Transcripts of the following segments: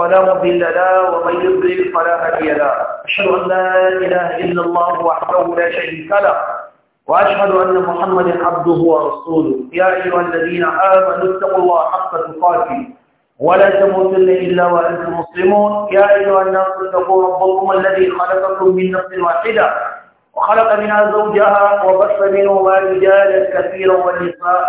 ولا مضل لا ومن يضلل فلا هادي لا أشهد أن لا إله إلا الله وحده لا شريك له وأشهد أن محمدا عبده ورسوله يا أيها الذين آمنوا اتقوا الله حق تقاته ولا تموتن إلا وأنتم مسلمون يا أيها الناس اتقوا ربكم الذي خلقكم من نفس واحدة وخلق منها زوجها وبث منهما رجالا كثيرا ونساء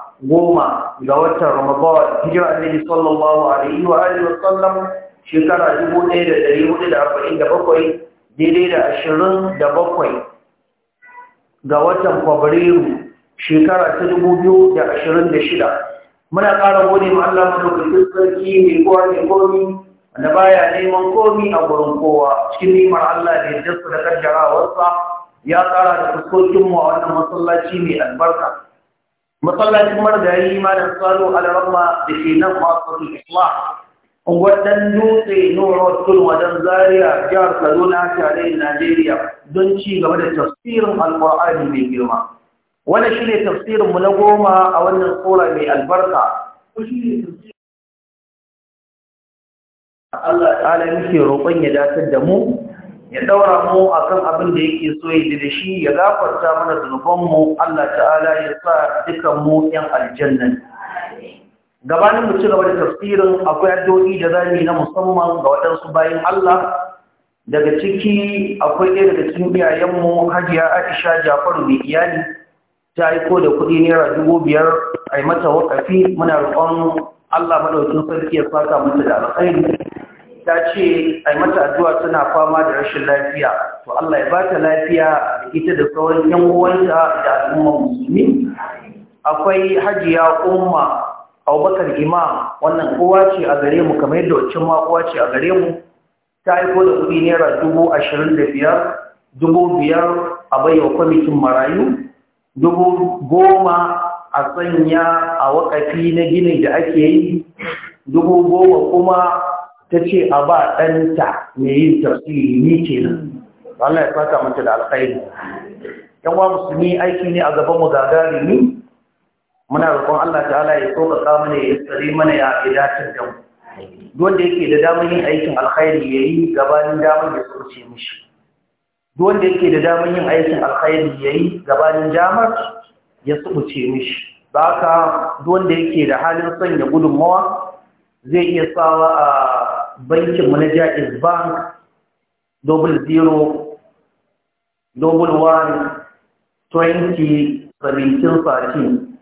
goma ga watan Ramadan hijira Annabi sallallahu alaihi wa alihi wasallam shekara 1447 daidai da 27 ga watan Fabrairu shekara ta 2026 muna ƙara gode ma Allah madaukakin sarki mai kowa mai komi da baya neman komi a gurin kowa cikin neman Allah da yadda da karjarawarsa ya ƙara da fuskokinmu a wannan masallaci mai albarka masallacin marigayi malam salo alarama da ke nan masu islam Wadannan dutse noro tun wajen zaria jihar kaduna tare da najeriya don ci gaba da tafsirin alkur'ani mai girma wani shi ne tafsirinmu na goma a wannan tsora mai albarka Allah ta'ala yake roƙon ya datar da mu ya daura mu a kan abin da yake so ya ji da shi ya gafarta mana zunubanmu Allah ta'ala ya sa dukan mu yan aljanna gabanin mu ci gaba da tafsirin akwai addu'o'i da zamu na musamman ga waɗansu bayan Allah daga ciki akwai ɗaya daga cikin iyayenmu hajiya aisha jafaru mai iyali ta aiko da kuɗi naira dubu biyar a yi mata wakafi muna roƙon allah maɗaukin sarki ya saka mata da alkhairi ta ce ai mata addu'a tana fama da rashin lafiya to Allah ya bata lafiya da ita da sauran yan uwanta da al'umma musulmi akwai hajiya umma Abubakar Imam wannan kowa ce a gare mu kamar yadda wacce ma kowa ce a gare mu ta aiko da kuɗi naira dubu ashirin da biyar dubu biyar a baiwa kwamitin marayu dubu goma a sanya a wakafi na ginin da ake yi dubu goma kuma ta ce a ba ɗanta mai yin tafsiri ni ke nan Allah ya fata mata da alkhairi yan wa musulmi aiki ne a gaban mu gagari ne? muna roƙon Allah ta'ala ya samu mana ya tsare mana ya idatar da mu wanda yake da damar yin aikin alkhairi ya yi gabanin damar ya sauce mishi wanda yake da damar yin aikin alkhairi ya yi gabanin damar ya sauce mishi ba ka wanda yake da halin son ya gudunmawa zai iya sawa a bankin na jaiz bank double zero double one twenty seventeen thirteen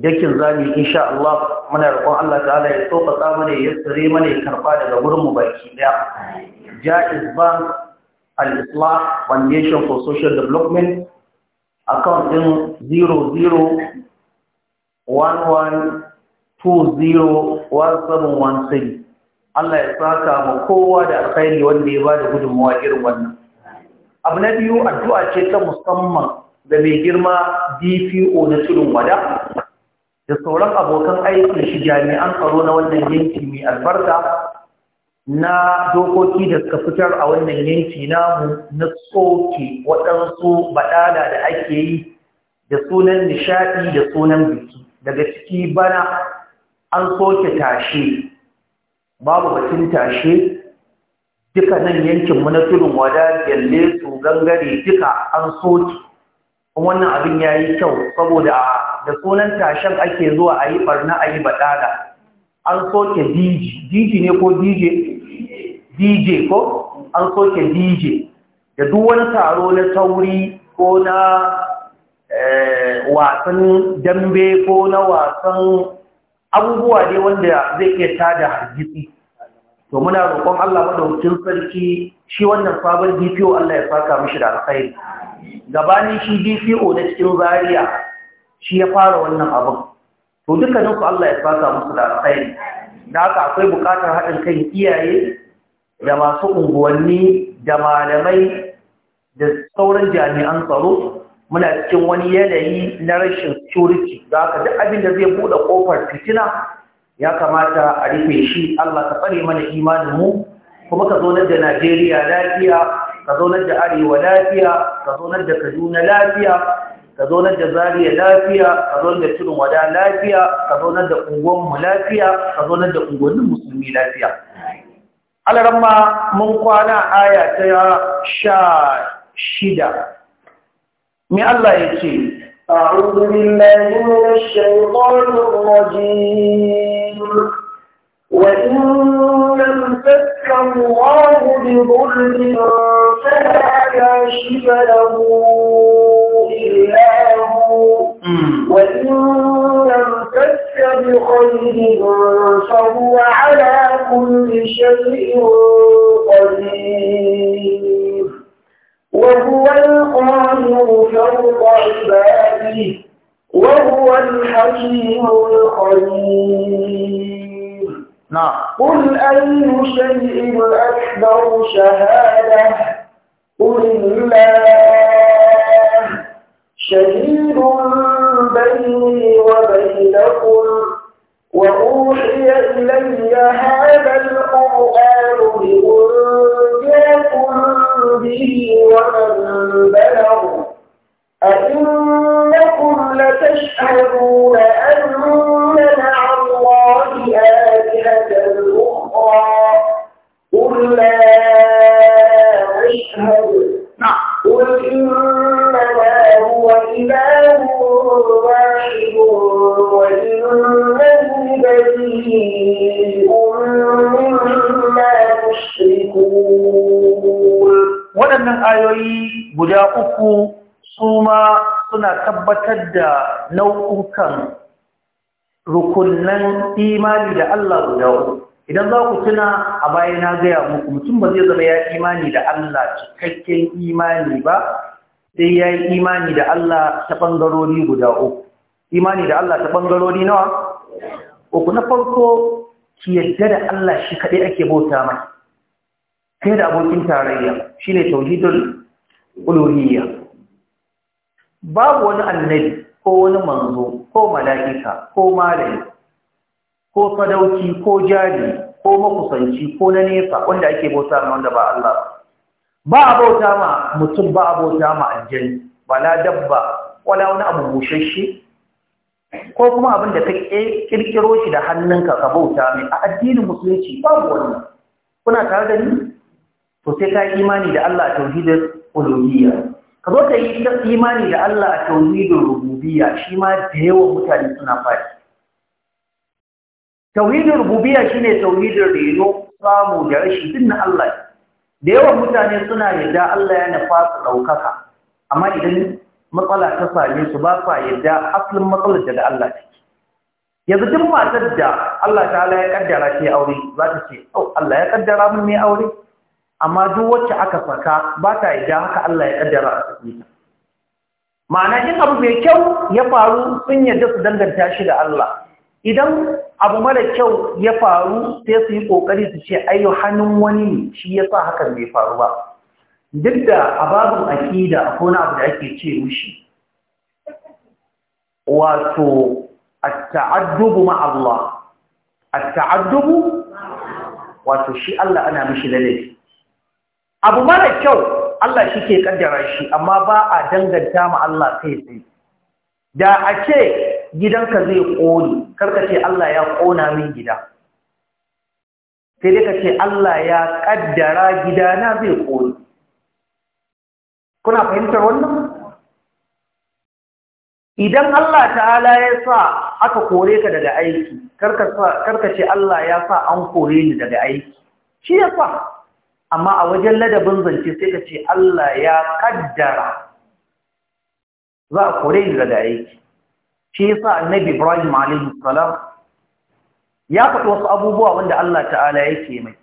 dakin zami insha Allah muna roƙon Allah ta'ala ya tsofaka mana ya tsare mana ya karɓa daga gurin mu baki daya jaiz bank al-islah foundation for social development account din 0011201716 Allah ya saka ma kowa da alkhairi wanda ya ba da gudunmawa irin wannan abu na biyu addu'a ce ta musamman da mai girma DPO na tudun wada da sauran abokan aikin shi jami'an tsaro na wannan yanki mai albarka na dokoki da suka fitar a wannan yanki namu na tsoke waɗansu baɗala da ake yi da sunan nishaɗi da sunan biki daga ciki bana an soke tashe babu batun tashe duka nan yankinmu na turin wada gyalle su gangare duka an soki wannan abin ya yi kyau saboda da sunan tashen ake zuwa a yi barna a yi baɗaɗa an soke dj dj ne ko dj dj ko an soke dj da duk wani taro na sauri ko na eh, wasan dambe ko na wasan abubuwa ne wanda zai iya tada hargitsi to muna roƙon Allah madaukakin sarki shi wannan sabon DPO Allah ya saka mishi da alkhairi gabanin shi DPO na cikin zariya shi ya fara wannan abin to dukkanin ku Allah ya saka musu da alkhairi da haka akwai buƙatar haɗin kan iyaye da masu unguwanni da malamai da sauran jami'an tsaro muna cikin wani yanayi na rashin security za ka duk abin da zai buɗe ƙofar fitina ya kamata a rufe shi Allah ka tsare mana imanin mu kuma ka zaunar da Najeriya lafiya ka zaunar da Arewa lafiya ka zaunar da Kaduna lafiya ka zaunar da Zaria lafiya ka zaunar da Tudun Wada lafiya ka zaunar da unguwan mu lafiya ka zaunar da unguwannin musulmi lafiya alaramma mun kwana aya ta sha shida من الله ya أعوذ بالله من الشيطان الرجيم وإن لم تك الله بضر فلا كاشف له إلا هو وإن لم تك بخير فهو على كل شيء قدير وهو القاهر فوق عباده وهو الحكيم الخبير نعم قل أي شيء أكبر شهادة قل الله شهيد بيني وبينكم وأوحي إلي هذا القرآن لأنذركم به ومن بلغ أئنكم لتشهدون أن مع الله آلهة أخرى قل لا أشهد نعم. قل إنما هو إله واحد بريء مما تشركون waɗannan ayoyi guda uku su ma suna tabbatar da nau'ukan rukunan imani da Allah guda uku idan za ku tuna a baya na gaya muku mutum ba zai zama ya imani da Allah cikakken imani ba sai ya yi imani da Allah ta ɓangarori guda uku imani da Allah ta ɓangarori nawa uku na farko ki yadda da Allah shi kaɗai ake bauta mai kai da abokin tarayya shi ne tauhidul uluhiyya babu wani annabi ko wani manzo ko mala'ika ko malami ko sadauki ko jari ko makusanci ko na nesa wanda ake bauta mai wanda ba Allah ba ba a bauta ma mutum ba a bauta ma aljani la dabba wala wani abu bushashe ko kuma abin da ka kirkiro shi da hannunka ka bauta mai a addinin musulunci babu wannan kuna tare da ni to sai ka imani da Allah a tauhidin uluhiyya ka zo ka yi imani da Allah a tauhidin rububiyya shi ma da yawan mutane suna faɗi tauhidin rububiyya shine tauhidin reno samu da rashi dinna Allah Allah da yawan mutane suna yarda Allah ya nufa su ɗaukaka amma idan matsala ta same su ba sa yarda asalin matsalar da Allah take yanzu duk matar da Allah Ta ya kaddara ce aure za ta ce au oh, Allah ya kaddara mun mai aure amma duk wacce aka saka ba ta yarda haka Allah ya kaddara a cikin ta ma'ana in abu mai kyau ya faru sun yarda su danganta shi da Allah idan abu mara kyau ya faru sai su yi ƙoƙari su ce ayyo hannun wani ne shi ya sa hakan bai faru ba duk da a babin aƙida a kone abu da ake ce mushi wato a ta'addubu ma Allah a ta'addubu wato shi Allah ana mishi lalai abu mara kyau Allah shi ke kaddara shi amma ba a danganta ma Allah kai sai. da a ce gidanka zai ƙoni karka ce Allah ya ƙona min gida sai dai ka ce Allah ya ƙaddara gidana zai ƙoni kuna fahimtar wannan idan Allah ta'ala ya sa aka kore ka daga aiki karka ce Allah ya sa an kore ni daga aiki shi ya sa amma a wajen ladabin zance sai ka ce Allah ya ƙaddara za a kore ni daga aiki shi yasa annabi Ibrahim alaihi salam ya faɗi wasu abubuwa wanda Allah ta'ala yake mai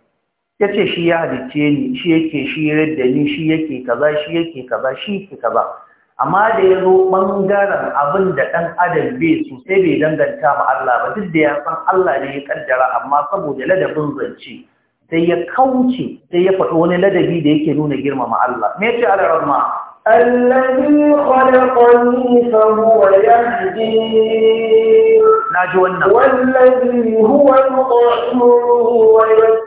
yace shi ya halicce ni shi yake shi da ni shi yake kaza shi yake kaza shi yake kaza amma da ya zo ɓangaren abin da ɗan adam bai su sai bai danganta ma Allah ba duk da ya san Allah ne ya ƙaddara. amma saboda ladabin zance sai ya kauce sai ya faɗi wani ladabi da yake nuna girmama Allah me yace Allah rahma الذي خلقني فهو يهدي والذي هو يطعمني ويسقين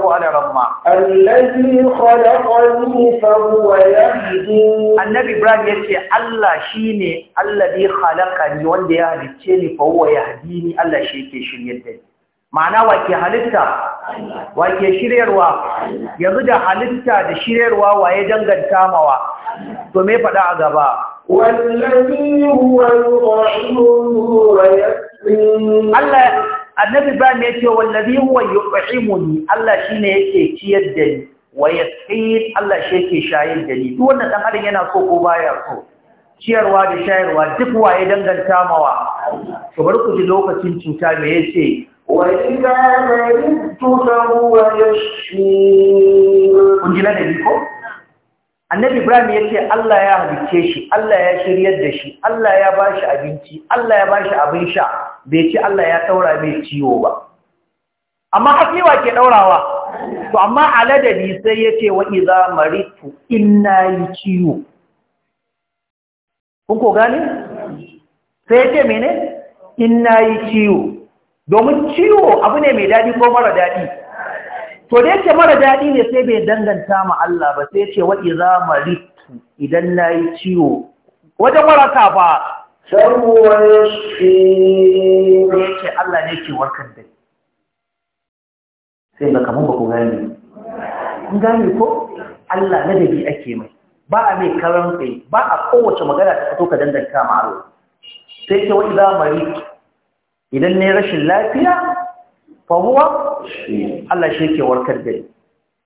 ko ala ramma allazi khalaqani fa huwa yahdin annabi ibrahim yace Allah shine allazi khalaqani wanda ya halicce ni fa huwa yahdini Allah shi yake shiryar da ni ma'ana wake halitta wake shiryarwa yanzu da halitta da shiryarwa waye danganta mawa to me faɗa a gaba wallazi huwa al-ghayb wa yasmin Allah annabi ba ne yake wallazi huwa yut'imuni Allah shine yake ciyar da ni wa yasqin Allah shi yake shayar da ni duk wannan dan adam yana so ko baya so ciyarwa da shayarwa duk waye danganta mawa to bar ku ji lokacin cuta me yace wa idza maridtu fa huwa yashfi kun ji ladabi ko annabi ibrahim ya ce allah ya halicce shi allah ya shiryar da shi allah ya ba shi abinci allah ya ba shi abin sha bai ce allah ya taura mai ciwo ba amma hafiwa ke ɗaurawa to amma aladadi sai ya ce wa iza maritu in na yi ciwo kun ko gani sai ya ce mene in yi ciwo domin ciwo abu ne mai daɗi ko mara daɗi to da yake mara daɗi ne sai bai danganta ma Allah ba sai ce za mu maritu idan nayi ciwo wajen waraka ba sarwa shi yake Allah ne ke warkar da sai ba kaman ba ku gani kun gane ko Allah na dabi ake mai ba a mai karan tsaye ba a kowace magana ta fito ka danganta ma Allah sai ce za mu maritu idan ne rashin lafiya fahuwa Allah shi ke warkar da ni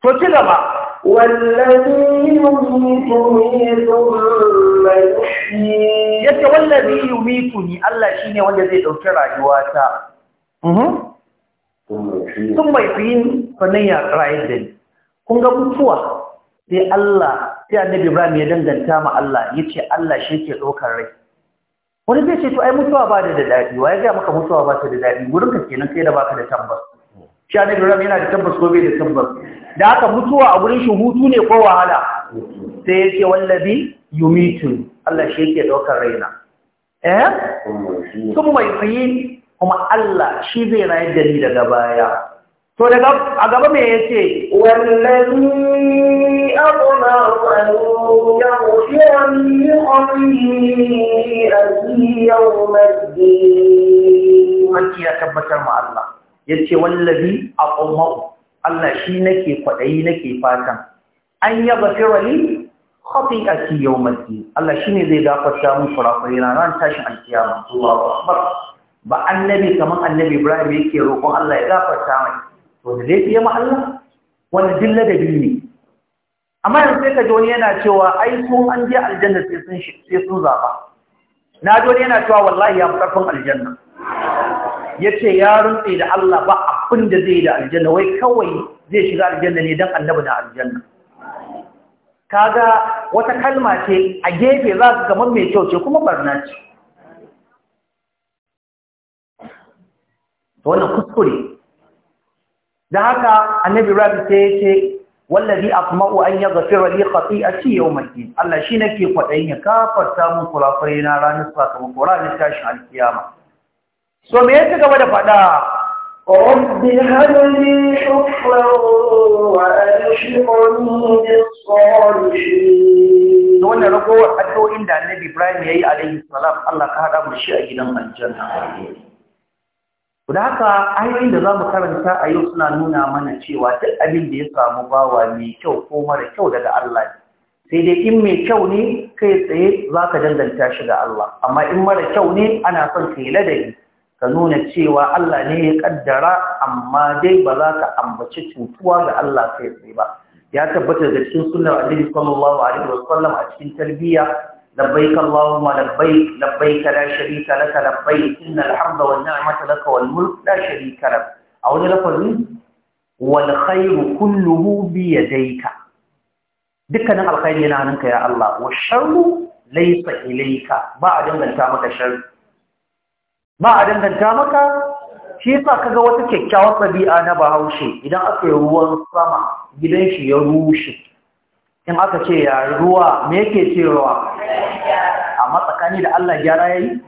to ci gaba wallabi yi thumma yuhyi yace wallazi ne? Allah shine wanda zai ɗauki rayuwata Tun mhm. sun mai fi yin sanayya rayu da ni kun ga mutuwa sai Allah sai annabi Ibrahim ya danganta ma Allah ya ce Allah shi ke ɗaukar rai wani zai ce to ai mutuwa ba da daɗi ya gaya maka mutuwa ba ta da daɗi gurin ka kenan kai da baka da tabbas shi ne yana da tabbas ko bai da tabbas da haka mutuwa a gurin shi hutu ne ko wahala sai yace wallabi yumitun Allah shi yake daukar raina eh kuma mai tsayi kuma Allah shi zai rayar da ni daga baya to daga a gaba me yace wallabi Mafi ya tabbatar ma Allah, ya ce wallabi a ƙaunar Allah shi nake kwaɗayi nake fatan, an yi bafirali haɗin ake yau mafi, Allah shi ne zai gafata mun furafari na ran tashin alkiya masu ba annabi kamar annabi Ibrahim yake roƙon Allah ya gafata mai, wanda zai fiye ma Allah, wanda dillada biyu ne. amma yanzu sai ka ji wani yana cewa ai sun an je aljanna sai sun sai sun zaba na ji wani yana cewa wallahi ya karfin aljanna Ya ce ya rutse da Allah ba abin da zai da aljanna wai kawai zai shiga aljanna ne dan annabi da aljanna kaga wata kalma ce a gefe za ka kamar mai kyau ce kuma barna ce wannan kuskure da haka annabi rabi sai ya ce wallazi asma'u an yaghfira li khati'ati yawm al-din Allah shi nake kwadayin ya kafarta mun kurakurai na ranar sakamakon ranar tashin al-kiyama. so me yake gaba da fada rabbi hadli shukra wa alshirni bis-salihin wannan ragowar addu'o'in da Annabi Ibrahim yayi alaihi salam Allah ka hada mu shi a gidan aljanna Da haka ayoyin da za mu karanta a yau suna nuna mana cewa duk abin da ya samu bawa mai kyau ko mara kyau daga Allah ne. Sai dai in mai kyau ne kai tsaye za ka danganta shi ga Allah, amma in mara kyau ne ana son ka yi ladabi, ka nuna cewa Allah ne ya kaddara amma dai ba za ka ambaci cutuwa ga Allah kai tsaye ba. Ya tabbata da cikin sunnar Annabi sallallahu alaihi wasallam a cikin tarbiyya لبيك اللهم لبيك لبيك لا شريك لك لبيك إن الحمد والنعمة لك والملك لا شريك لك أو لفظ والخير كله بيديك دكنا الخير ينعنك يا الله والشر ليس إليك بعد أن تامك شر بعد أن تامك shi yasa kaga wata kyakkyawar ɗabi'a na Bahaushe idan aka yi ruwan sama gidan shi ya rushe in aka ce ya ruwa me yake ruwa? a matsakani da Allah gyara yayi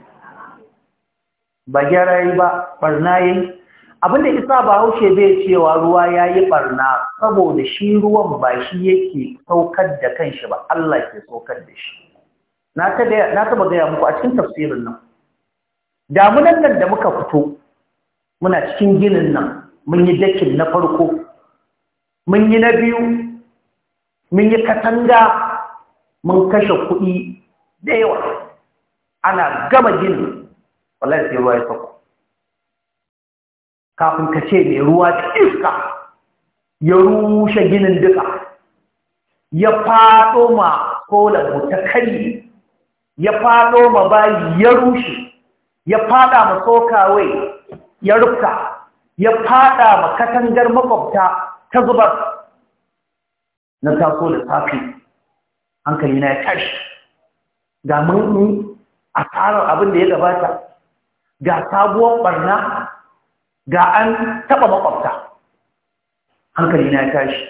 ba gyara yayi ba barna yayi abinda isa ba haushe bai cewa ruwa yayi barna saboda shi ruwan ba shi yake saukar da kanshi ba Allah ke saukar da shi na taba gaya muku a cikin tafsirin nan damunan nan da muka fito muna cikin ginin nan mun yi dakin na farko mun yi na biyu mun yi katanga mun kashe kuɗi da yawa ana gama gini wallahi sai ruwa ya sauko kafin ka ce mai ruwa ta iska ya rushe ginin duka ya faɗo ma kolanmu ta kari ya faɗo ma bayi ya rushe ya faɗa ma sokawai ya rufta ya faɗa ma katangar makwabta ta zubar na taso da safi hankali na ya tashi ga mun asarar abin da ya gabata ga sabuwar barna ga an taba makwabta hankali na ya tashi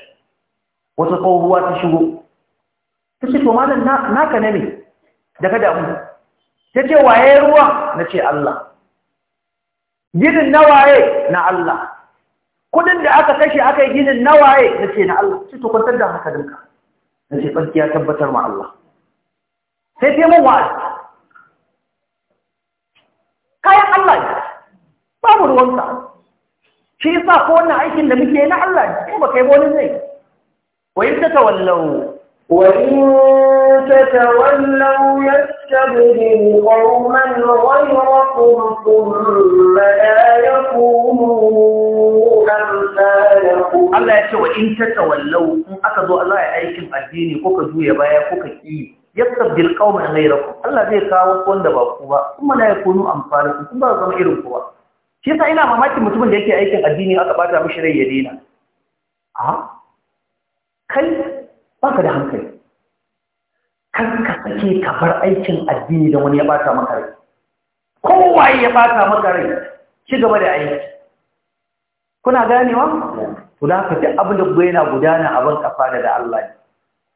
wata tsohuwa ta shigo ta ce to naka ne ne da ka damu ta ce waye ruwa na ce Allah ginin na waye na Allah kudin da aka kashe aka yi ginin nawaye na ce na Allah sai to kwantar da hankalinka na ce tsarki ya tabbatar ma Allah sai fi mun wa'azi kayan Allah ne babu ruwanka shi yasa ko wannan aikin da muke na Allah ne ko ba kai wani zai wa in ta tawallau وإن تتولوا يستبدل قوما غيركم ثم لا يكونوا أمثالكم الله يسوى إن تتولوا أكدوا الله يعيكم الدين كوكا جوية بايا كوكا إيه يستبدل قوما غيركم الله زي kawo wanda ba ku ba kuma la yakunu amsalukum kuma ba zama irin ku ba shi yasa ina mamakin mutumin da yake aikin addini aka bata mashi rai ya daina baka da hankali kan ka sake ka bar aikin addini da wani ya bata maka rai kowaye ya bata maka rai ci gaba da aiki kuna ganewa to da ka ji abin da yana gudana a ban kafa da Allah ne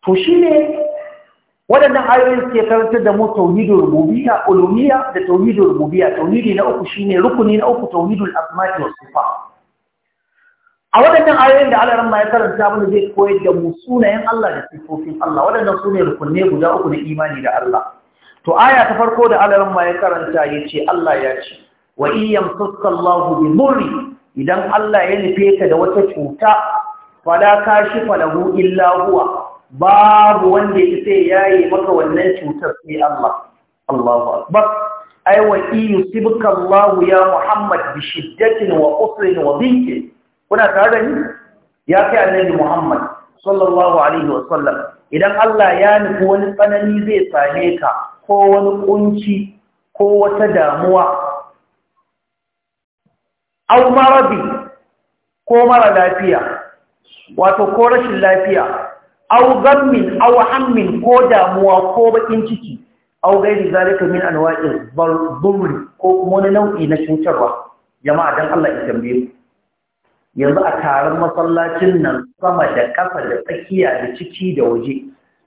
to shine waɗannan ayoyin suke karantar da mu tauhidul rububiyya ulumiyya da tauhidul rububiyya tauhidi na uku shine rukuni na uku tauhidul asma'i was sifat a waɗannan ayoyin da Allah ma ya karanta mana zai koyar da mu sunayen Allah da sifofin Allah waɗannan sune rukunne guda uku na imani da Allah to aya ta farko da Allah ma ya karanta yace Allah ya ce wa iyyam tasqallahu bi murri idan Allah ya nufe ka da wata cuta fala kashi lahu illa huwa babu wanda ya ce yayi maka wannan cutar sai Allah Allahu akbar ai wa iyyusibka Allah ya Muhammad bi shiddatin wa usrin wa dhiqin kuna tare da ni ya kai annabi Muhammad sallallahu alaihi wasallam idan Allah ya nufi wani tsanani zai same ka ko wani kunci ko wata damuwa au marabi ko mara lafiya wato ko rashin lafiya au gammin au hammin ko damuwa ko bakin ciki au gairi zalika min anwa'il dhurri ko kuma wani nau'i na cutarwa jama'a dan Allah ya tambaye yanzu a taron masallacin nan sama da kafa da tsakiya da ciki da waje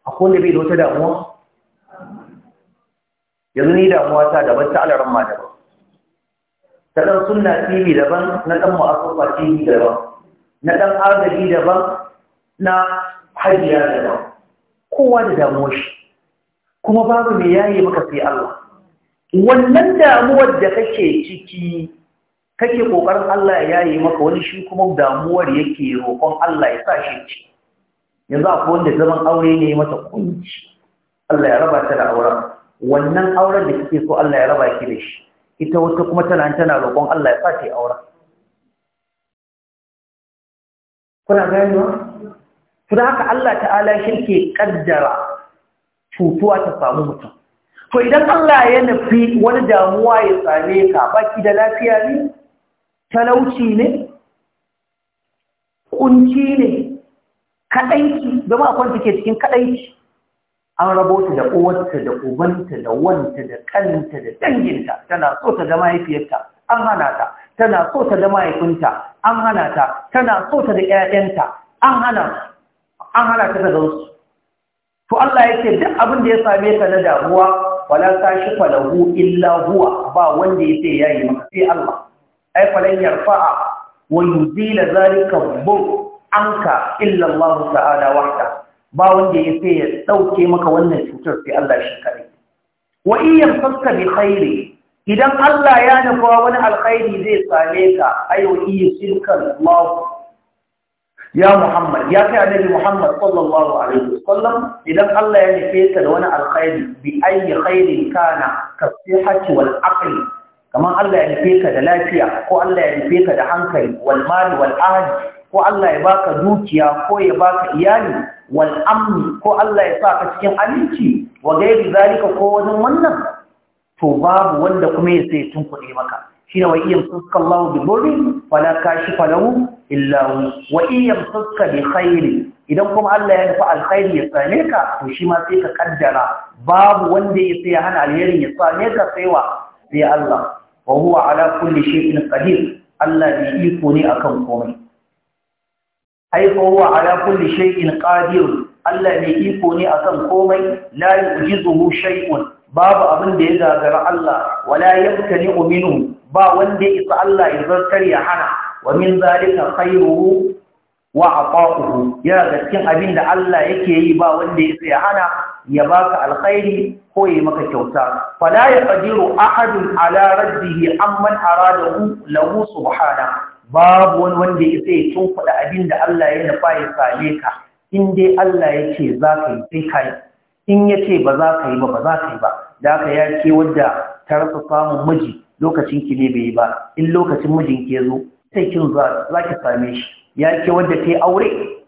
a kone bai da wata damuwa yanzu ni damuwa ta daban ta alaran ma daban ta ɗan suna tv daban na ɗan ma'asufa tv daban na ɗan agaji daban na hajiya daban kowa da damuwa shi kuma babu mai yayi maka sai Allah wannan damuwar da kake ciki kake kokarin Allah ya yi maka wani shi kuma damuwar yake roƙon Allah ya sa shi ci yanzu akwai wanda zaman aure ne mata kunci Allah ya raba ta da auren wannan auren da kike so Allah ya raba ki da shi ita wata kuma tana tana roƙon Allah ya sa ta yi auren kuna gani ba to da haka Allah ta'ala shi ke kaddara cutuwa ta samu mutum to idan Allah ya nufi wani damuwa ya same ka baki da lafiya ne talauci ne kunci ne kaɗaici zama akwai kwanta ke cikin kaɗaici an rabota da uwarta da ubanta da wanta da kanta da danginta tana so ta da mahaifiyarta an hana ta tana so ta da mahaifinta an hana ta tana so ta da ƴaƴanta an hana an hana ta da su to Allah yake duk abin da ya same ka na damuwa wala ta shi falahu illa huwa ba wanda yake yayi maka sai Allah ai falan yarfa'a wa zila zarikan bu anka illa Allah ta'ala wahda ba wanda ya sai ya ɗauke maka wannan cutar sai Allah shi kadai wa in yamsaka bi khairi idan Allah ya nufa wani alkhairi zai same ka ayo yusilka Allah ya Muhammad ya kai annabi Muhammad sallallahu alaihi wasallam idan Allah ya nufe ka da wani alkhairi bi ayyi khairin kana kasihati wal aqli kamar Allah ya nufe ka da lafiya ko Allah ya nufe ka da hankali wal mali wal ahli ko Allah ya baka dukiya ko ya baka iyali wal amni ko Allah ya sa ka cikin aminci wa gairi zalika ko wajen wannan to babu wanda kuma ya sai kuɗi maka shine wa iyam suka Allah bi dhurri fala kashifa illa hu wa iyam suka bi khairi idan kuma Allah ya nufa alkhairi ya same ka to shi ma sai ka kaddara babu wanda ya sai hana alherin ya same ka sai wa sai Allah wa huwa ala kulli shay'in Allah ne iko ne akan komai ai fa huwa ala kulli shay'in Allah ne iko ne kan komai la yujizuhu shay'un babu abin da ya gagara Allah wala yamkani minhu ba wanda ya isa Allah ya zartar ya hana wa min zalika khairuhu wa aqahu yana da cikin abin da Allah yake yi ba wanda yake ya hana ya baka alkhairi ko ya maka kyauta fala yaqdiru ahadun ala raddihi amman aradahu lahu subhana babu wani wanda yake ya tunkuda abin da Allah ya nufa ya same ka in dai Allah yake za ka yi sai ka in yace ba za ka yi ba ba za ka yi ba da haka ya ce wadda ta rasa samun miji lokacin ki ne bai yi ba in lokacin mijinki ya zo sai kin za ki same shi ya ce wanda ta yi aure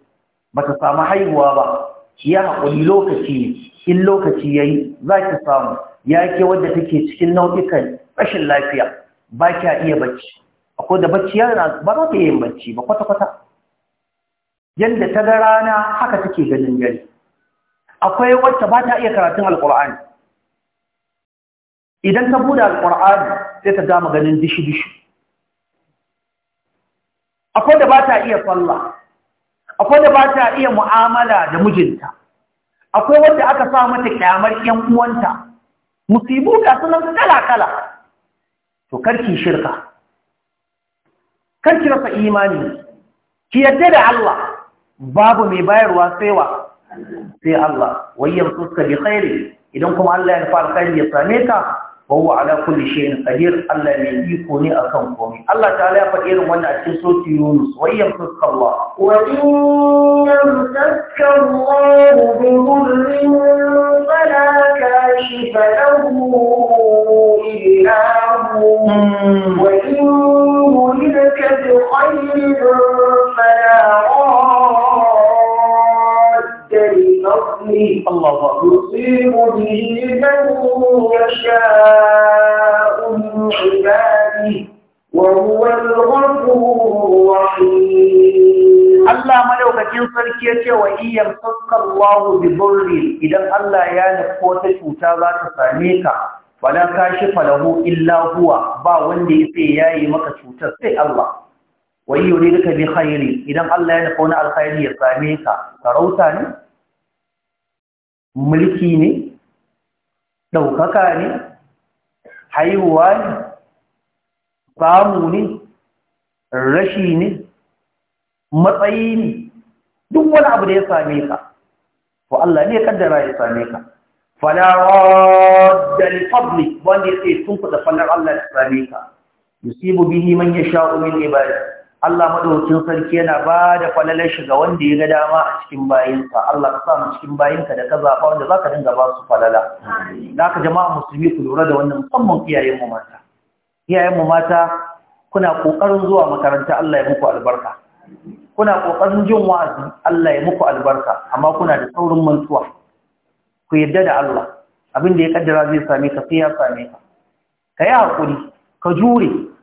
ba ta samu haihuwa ba ya haƙuri lokaci in lokaci ya yi za ki samu ya ke wadda take cikin nau'ikan rashin lafiya ba kya iya bacci akwai da bacci yana ba za ta yin bacci ba kwata-kwata yadda ta ga rana haka take ganin gari. akwai wacce ba ta iya karatun alƙur'ani idan ta buɗe alƙur'ani sai ta gama ganin dishi-dishi akwai da ba ta iya falla, akwai da ba ta iya mu'amala da mijinta akwai wanda aka sa mata kyamar yan uwanta musibu ga sunan kala-kala to karki shirka karki rasa imani ki yadda da Allah babu mai bayarwa sai wa sai Allah wayyar suka bi khairi idan kuma Allah ya nufa alkhairi ya same ka wawo ala kulli shayin qadir Allah ne iko ne akan komai Allah ta ala ya faɗi irin wannan a cikin surati Yunus wa yamtaka Allah wa in yamtaka Allah bi dhurrin fala kashifa lahu illa hu hmm. wa in yuridka bi khayrin fala الله يصيب به من يشاء من عباده وهو الغفور الرحيم Allah malaukacin sarki ya ce wa iyan sakka Allahu bi dhurri idan Allah ya nufo ta cuta za ta same ka wala ka shi falahu illa huwa ba wanda yake yayi maka cutar sai Allah wa yuridu ka bi hairi idan Allah ya nufo wani alkhairi ya same ka farauta ne mulki ne ɗaukaka ne haihuwa ne samu ne rashi ne matsayi ne duk wani abu da ya same ka to Allah ne ya kaddara ya same ka fala radda li fadli wanda sun tunkuda fallar Allah ya same ka yusibu bihi man yasha'u min ibadihi Allah madaukakin sarki yana ba da falalar shiga wanda ya ga dama a cikin bayinka Allah ka sa mu cikin bayinka da ka zaɓa wanda zaka dinga ba su falala zaka jama'a musulmi ku lura da wannan musamman iyayen mu mata iyayen mu mata kuna kokarin zuwa makaranta Allah ya muku albarka kuna kokarin jin wa'azi Allah ya muku albarka amma kuna da saurin mantuwa ku yadda da Allah abin da ya kaddara zai same ka sai ya same ka ka yi hakuri ka jure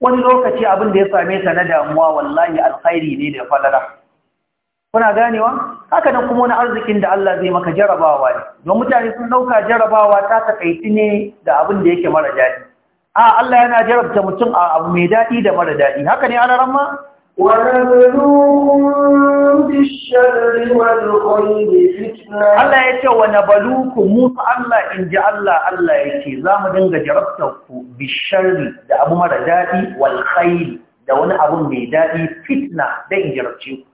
wani lokaci abin da ya same ta na damuwa wallahi alkhairi ne da falala kuna ganewa haka nan kuma wani arzikin da Allah zai maka jarabawa ne don mutane sun dauka jarabawa ta takaici ne da abin da yake mara daɗi a Allah yana jarabta mutum a abu mai daɗi da mara daɗi haka ne alaran ma Allah ya ce wa na baluku musu Allah in ji Allah Allah ya ce za mu dinga jarabtarku bishari da abu mara daɗi walhaili da wani abu mai daɗi fitna da in jarabce ku.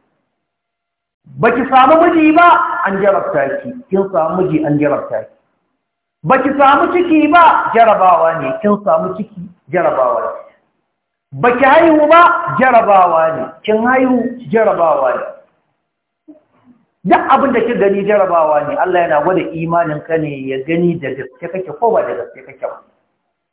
Ba ki samu miji ba an jarabta ki, kin samu miji an jarabta ki. Ba ki samu ciki ba jarabawa ne, kin samu ciki jarabawa ne. Ba ki haihu ba jarabawa ne kin haihu jarabawa ne duk abin da ki gani jarabawa ne Allah yana gwada imanin ka ne ya gani da gaske kake ko ba da gaske kake ba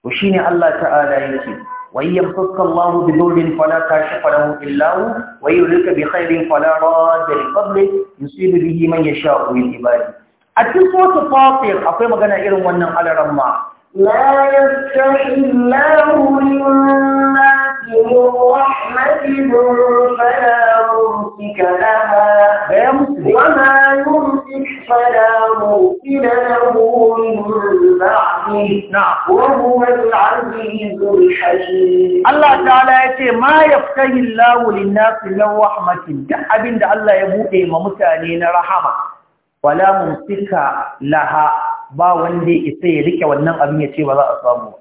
to shine Allah ta'ala yake wayyam fakallahu bi dhulmin fala kashifa lahu illa hu wa yurika bi khairin fala radda li fadli yusibu bihi man yasha'u min ibadi a cikin sura fatir akwai magana irin wannan alaramma la yastahi Allahu minna Allah ta'ala ya ce, "Ma yaftahi lawulin nasu yau rahmatin duk abin da Allah ya buɗe ma mutane na rahama, wala mun laha ba wanda isa ya rike wannan abin ya ce ba za a samu ba.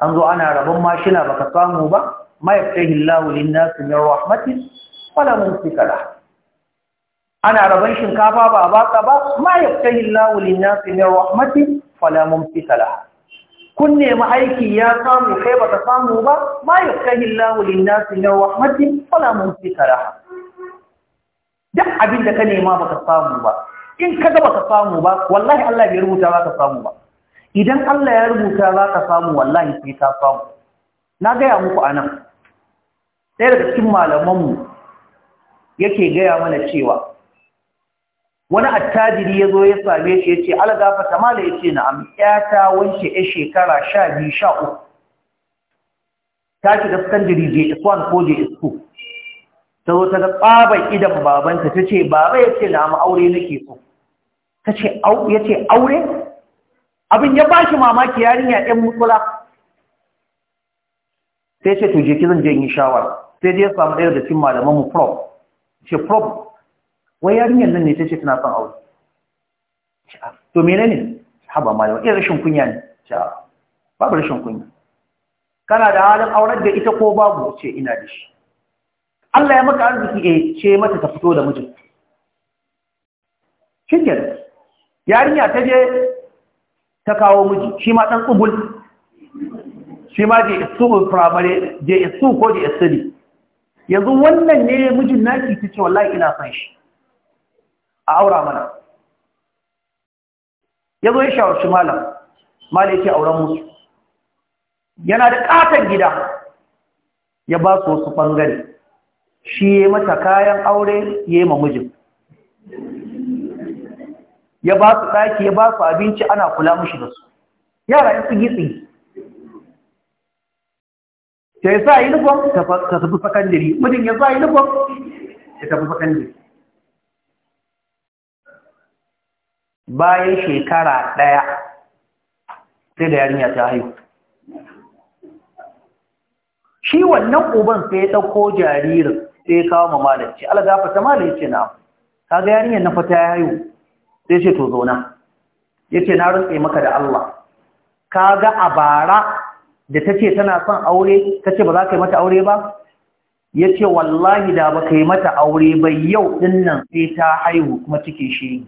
an zo ana rabon mashina baka samu ba ma yaftahi Allahu lin-nas min rahmatin wala mumsika ana rabon shinkafa ba baka ba ma yaftahi Allahu lin-nas min rahmatin wala mumsika lah kun nemi aiki ya samu kai baka samu ba ma yaftahi Allahu lin-nas min rahmatin wala mumsika duk abin da ka nema baka samu ba in kaga baka samu ba wallahi Allah bai rubuta baka samu ba idan Allah ya rubuta za ka samu wallahi sai ka samu na gaya muku anan ɗaya daga cikin malamanmu yake gaya mana cewa wani attajiri ya zo ya same shi ya ce algafa ta mala ya ce na amyata wanke ya shekara sha biyu sha uku ta shiga sakandiri je 1 ko je isku ta zo ta ga tsabar idan babanta ta ce baba ya ce na aure nake so ta ce aure abin ya bashi mamaki yarinya ɗan mutula sai ce to je ki zan je yi shawara sai dai ya samu ɗaya da cin malaman mu prof ce prof wai yarinyar nan ne ta ce tana son aure ah, to ne haba malama irin rashin kunya ne ce ah, babu rashin kunya kana da halin aurar da ita ko babu ce ina da shi Allah ya maka arziki eh ce mata ta fito da mijin shin yarinya ta je ta kawo miji shi ma ɗan ƙubul shi ma je isu firamare je isu ko je isu ne yanzu wannan ne mijin naki ta ce wallahi ina son shi a aura mana ya zo ya shawarci malam malam ya ce auren musu yana da katon gida ya ba su wasu ɓangare shi ya mata kayan aure ya yi ma mijin. ya ba su ɗaki ya ba su abinci ana kula mushi da su yara ya tsigi tsigi ta yi sa uniform ta tafi sakandiri mutum ya sa uniform ya tafi sakandiri bayan shekara ɗaya sai da yarinya ta haihu shi wannan uban sai ya ɗauko jaririn sai ya kawo mamalin ce algafa ta malin na, na kaga yarinyar na fata ya haihu sai ce to zauna yace na rutse maka da Allah kaga ga abara da tace tana son aure tace ba za ka yi mata aure ba yace wallahi da baka yi mata aure ba yau din nan sai ta haihu kuma take shi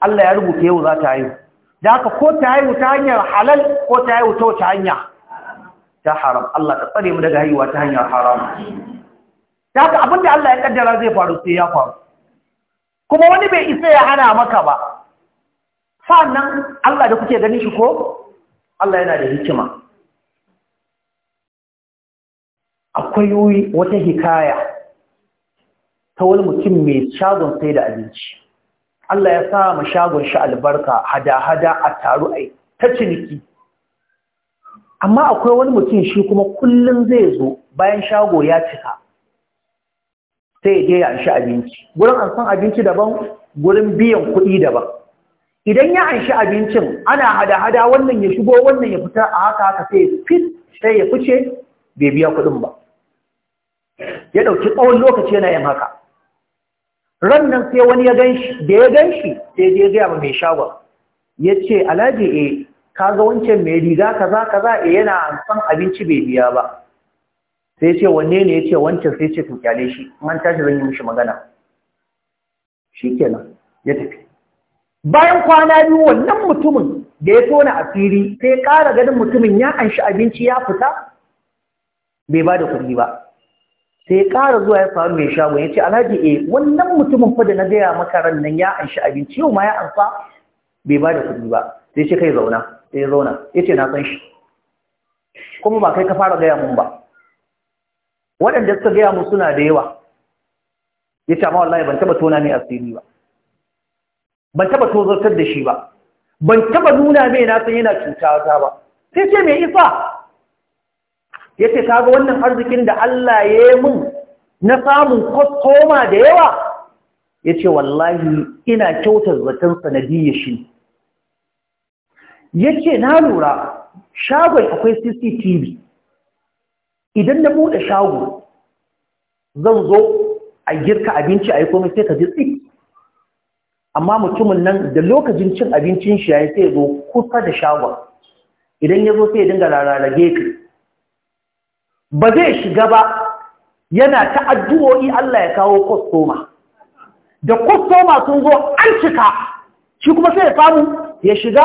Allah ya rubuta yau za ta haihu da haka ko ta haihu ta hanyar halal ko ta haihu ta wace hanya ta haram Allah ta tsare mu daga haihuwa ta hanyar haram da haka abinda Allah ya kaddara zai faru sai ya faru kuma wani bai isa ya hana maka ba sannan Allah da kuke ganin shi ko Allah yana da hikima akwai wata hikaya ta wani mutum mai shagon sai da abinci Allah ya sa ma shagon shi albarka hada-hada a taru a ta ciniki amma akwai wani mutum shi kuma kullum zai zo bayan shago ya cika sai ya je ya anshi abinci gurin an san abinci daban gurin biyan kuɗi daban idan ya anshi abincin ana hada-hada wannan ya shigo wannan ya fita a haka haka sai fit sai ya fice bai biya kuɗin ba ya ɗauki tsawon lokaci yana yin haka ran nan sai wani ya gan shi da ya gan shi sai ya gaya ma mai shagon ya ce alhaji e ka ga wancan mai riga kaza kaza e yana san abinci bai biya ba sai ce wanne ne ya ce wancan sai ce tun kyale shi man tashi zan yi mishi magana shi kenan ya tafi bayan kwana biyu wannan mutumin da ya tona a fili sai ƙara ganin mutumin ya anshi abinci ya fita bai ba da kuɗi ba sai ya ƙara zuwa ya samu mai shago ya ce alhaji eh wannan mutumin fa da na gaya maka ran nan ya anshi abinci yau ma ya ansa bai ba da kuɗi ba sai ce kai zauna sai ya zauna ya ce na san shi kuma ba kai ka fara gaya mun ba waɗanda suka gaya mu suna da yawa ya ce amma wallahi ban taba tona mai asiri ba ban taba tozartar da shi ba ban taba nuna mai na san yana cuta ta ba sai ce mai isa ya ce ga wannan arzikin da Allah ya yi mun na samun kwastoma da yawa ya ce wallahi ina kyautar zaton sanadiyya shi ya ce na lura shagon akwai cctv idan na buɗe shago zan zo a girka abinci a yi komai sai ka ji tsik amma mutumin nan da lokacin cin abincin shi ya yi sai zo kusa da shagon idan ya zo sai ya dinga rarrage ka ba zai shiga ba yana ta addu'o'i Allah ya kawo kwastoma da kwastoma sun zo an cika shi kuma sai ya samu ya shiga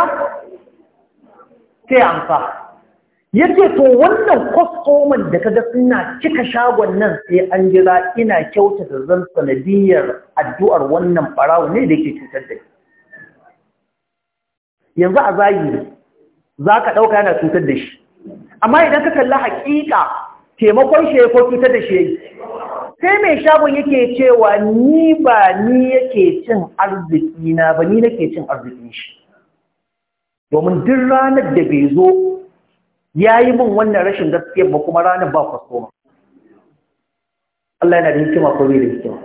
sai amsa ya ce to wannan kwaskoman da kaga suna cika shagon nan sai an jira ina kyautata zan sanadiyar addu'ar wannan barawo ne da ke cutar da yanzu a zagi za ka ɗauka yana cutar da shi amma idan ka kalla haƙiƙa taimakon shi ko cutar da shi sai mai shagon yake cewa ni ba ni yake cin arziki na ba ni nake cin arzikin shi domin duk ranar da bai zo ya yi min wannan rashin gaskiyar ba kuma ranar ba kwastoma Allah yana da hikima ko bai da hikima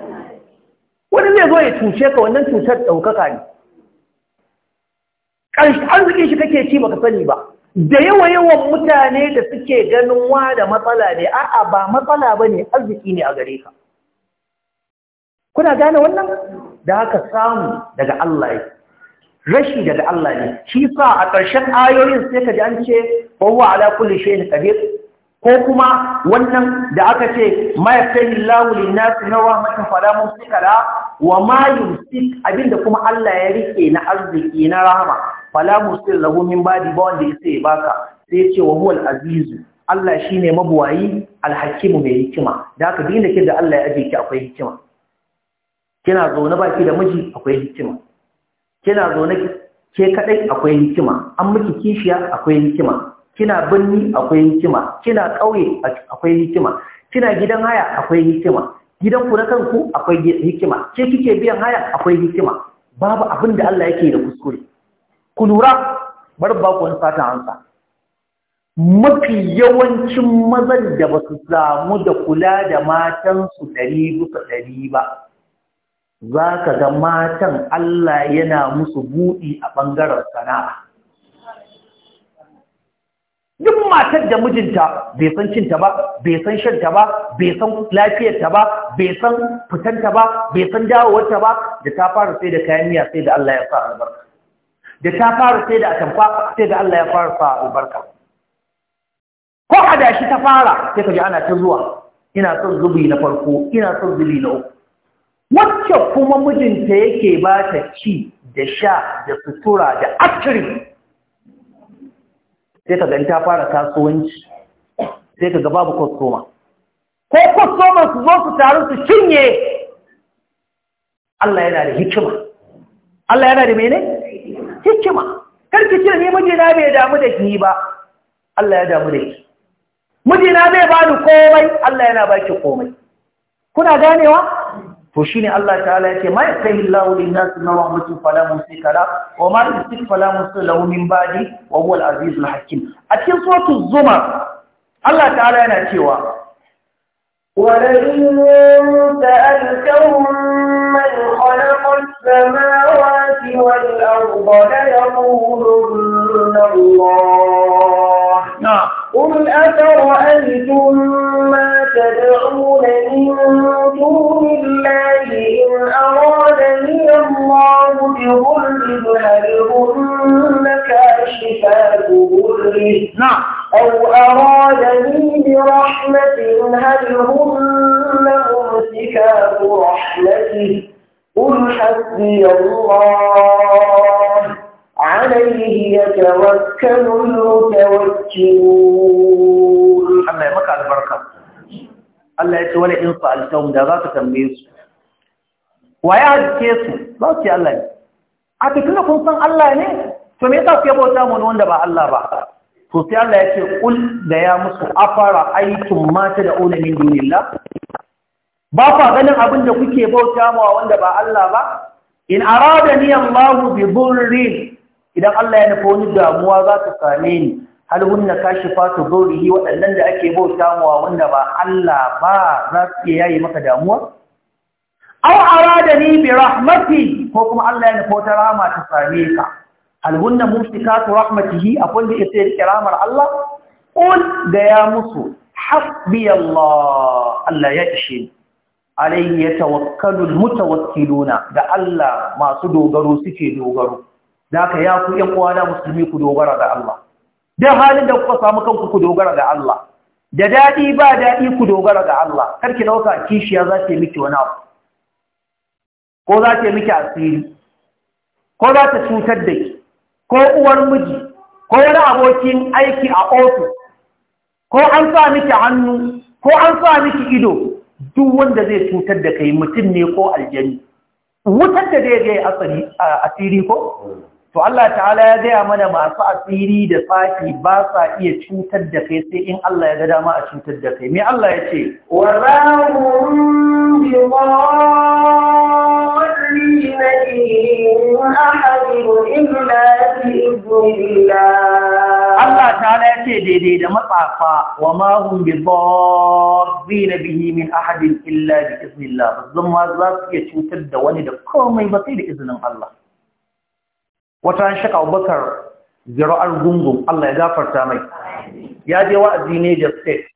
wani zai zo ya cuce ka wannan cutar ɗaukaka ne arzikin shi kake ci baka sani ba da yawa yawan mutane da suke ganin wa da matsala ne a'a ba matsala ba ne arziki ne a gare ka kuna gane wannan da haka samu daga Allah yake rashi daga Allah ne shi sa a ƙarshen ayoyin sai ka ji an ce wawa ala kulli shay'in qadir ko kuma wannan da aka ce ma yaftahi Allahu lin-nas rahmatin fala mumsika wa ma yumsik abinda kuma Allah ya rike na arziki na rahama fala mumsik lahu min badi ba wanda yake baka sai ce wa huwal aziz Allah shine mabuwayi alhakimu mai hikima da aka duk inda da Allah ya aje ki akwai hikima kina zaune baki da miji akwai hikima kina zaune ke kadai akwai hikima an miki kishiya akwai hikima kina birni akwai hikima kina ƙauye akwai hikima kina gidan haya akwai hikima gidan ku na kanku akwai hikima ke kike biyan haya akwai hikima babu abin da Allah yake da kuskure ku lura bar ba ku wani fatan mafi yawancin mazan da ba su samu da kula da matansu ɗari bisa ɗari ba za ka ga matan Allah yana musu buɗi a ɓangaren sana'a. Duk matar da mijinta bai san cinta ba, bai san shanta ba, bai san lafiyarta ba, bai san fitanta ba, bai san dawowarta ba, da ta fara sai da kayan miya sai da Allah ya fara albarka. Da ta fara sai da atamfa sai da Allah ya fara sa albarka. Ko shi ta fara sai ka ji ana ta zuwa, ina son zubi na farko, ina son zubi na uku. wacce kuma mijinta yake ba ta ci da sha da sutura da akiri sai ka ganta ta fara kasuwanci sai ka gaba bukwa soma ko kwastoma su zo su taru su cinye Allah yana da hikima Allah yana da mene? hikima karki cire ni mijina bai damu da ki ba Allah ya damu da ki mijina bai ba ni komai Allah yana ba ki komai kuna ganewa to shine Allah ta'ala yake ma yakahi Allahu lin-nas min rahmatin fala musika la wa ma yusik fala musil lahu min ba'di wa huwa al-azizul hakim a cikin suratul zumar Allah ta'ala yana cewa ولئن سألتهم من خلق السماوات da za ka tambaye su wa ya halice su za su ce Allah ne a tukuna kun san Allah ne to me yasa ku yabo ta mun wanda ba Allah ba to sai Allah ya ce kul da ya musu afara aitum mata ta da una min dunillah ba fa ganin abin da kuke bauta mawa wanda ba Allah ba in ni Allah bi dhurri idan Allah ya nufi wani damuwa za ta same ni hal hunna kashifatu dhurrihi waɗannan da ake bauta wa wanda ba Allah ba za su iya yayi maka damuwa aw aradani bi rahmati ko kuma Allah ya nufa ta rahama ta same ka hal hunna mumsikatu rahmatihi akwai da ita kiramar Allah ul da ya musu hasbi Allah Allah ya ishe alayhi yatawakkalul mutawakkiluna da Allah masu dogaro suke dogaro zaka ya ku yan uwana musulmi ku dogara da Allah dan halin da kuka samu kanku ku dogara ga Allah da daɗi ba daɗi ku dogara ga Allah karki ɗauka kishiya za ta yi miki wani abu ko za ta yi miki asiri ko za ta cutar da ki ko uwar miji ko wani abokin aiki a ofis ko an sa miki hannu ko an sa miki ido duk wanda zai cutar da kai mutum ne ko aljani wutar da zai ga asiri ko to Allah ta'ala ya gaya mana masu asiri da tsaki ba sa iya cutar da kai sai in Allah ya ga dama a cutar da kai me Allah ya ce warahum Allah ta'ala ya ce daidai da matsafa wa ma hum bi bihi min ahadin illa bi iznillah zan ma za su iya cutar da wani da komai ba sai da izinin Allah wata ran shaka abubakar zira'ar gungun Allah ya gafarta mai ya je wa'azi ne da state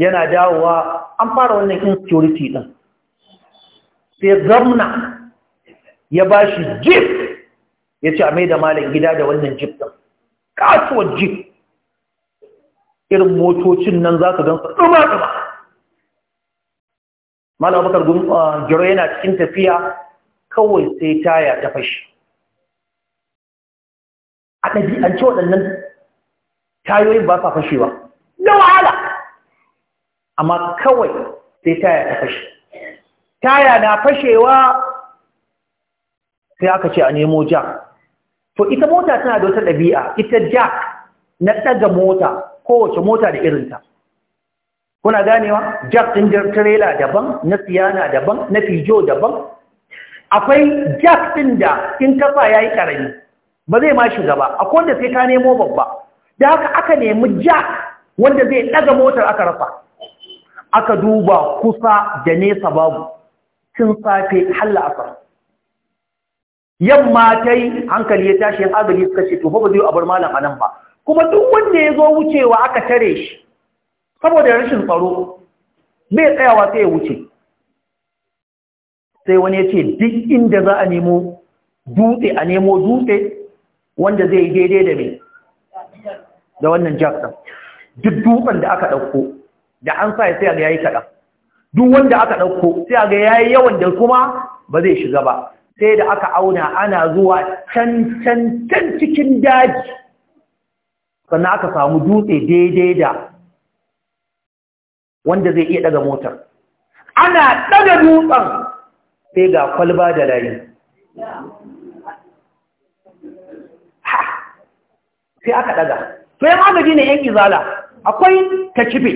yana dawowa an fara wannan insecurity din sai gwamna ya ba shi jip ya ce a mai da malin gida da wannan jip din kasuwar jip irin motocin nan za ka gansu ɗuma-ɗuma malabakar giro uh, yana cikin tafiya kawai sai taya ta fashi a ɗabi'ance waɗannan tayoyin ba sa fashewa na wahala amma kawai sai taya ta fashe taya na fashewa sai aka ce a nemo jack to ita mota tana da wata ɗabi'a ita jack na ɗaga mota kowace mota da irinta kuna ganewa jack ɗin tirela daban na siyana daban na fijo daban akwai jack ɗin da in kasa yayi yi ƙarami ba zai ma shiga ba a kowanda sai ka nemo babba da haka aka nemi jack wanda zai ɗaga motar aka rasa aka duba kusa da nesa babu tun safe halla asar yamma ta hankali ya tashi yan agali suka ce tofa ba zai abar malam a nan ba kuma duk wanda ya zo wucewa aka tare shi saboda rashin tsaro bai tsayawa sai ya wuce sai wani ya ce duk inda za a nemo dutse a nemo dutse wanda zai daidai da mai da wannan jakson duk dutsen da aka ɗauko da an sa sai ga yayi kaɗan duk wanda aka ɗauko sai a ga yayi yawan da kuma ba zai shiga ba sai da aka auna ana zuwa can can can cikin daji sannan aka samu dutse daidai da wanda zai iya daga motar ana ɗaga dutsen sai ga kwalba da layi sai aka ɗaga. to yi magaji ne yan izala akwai ta kife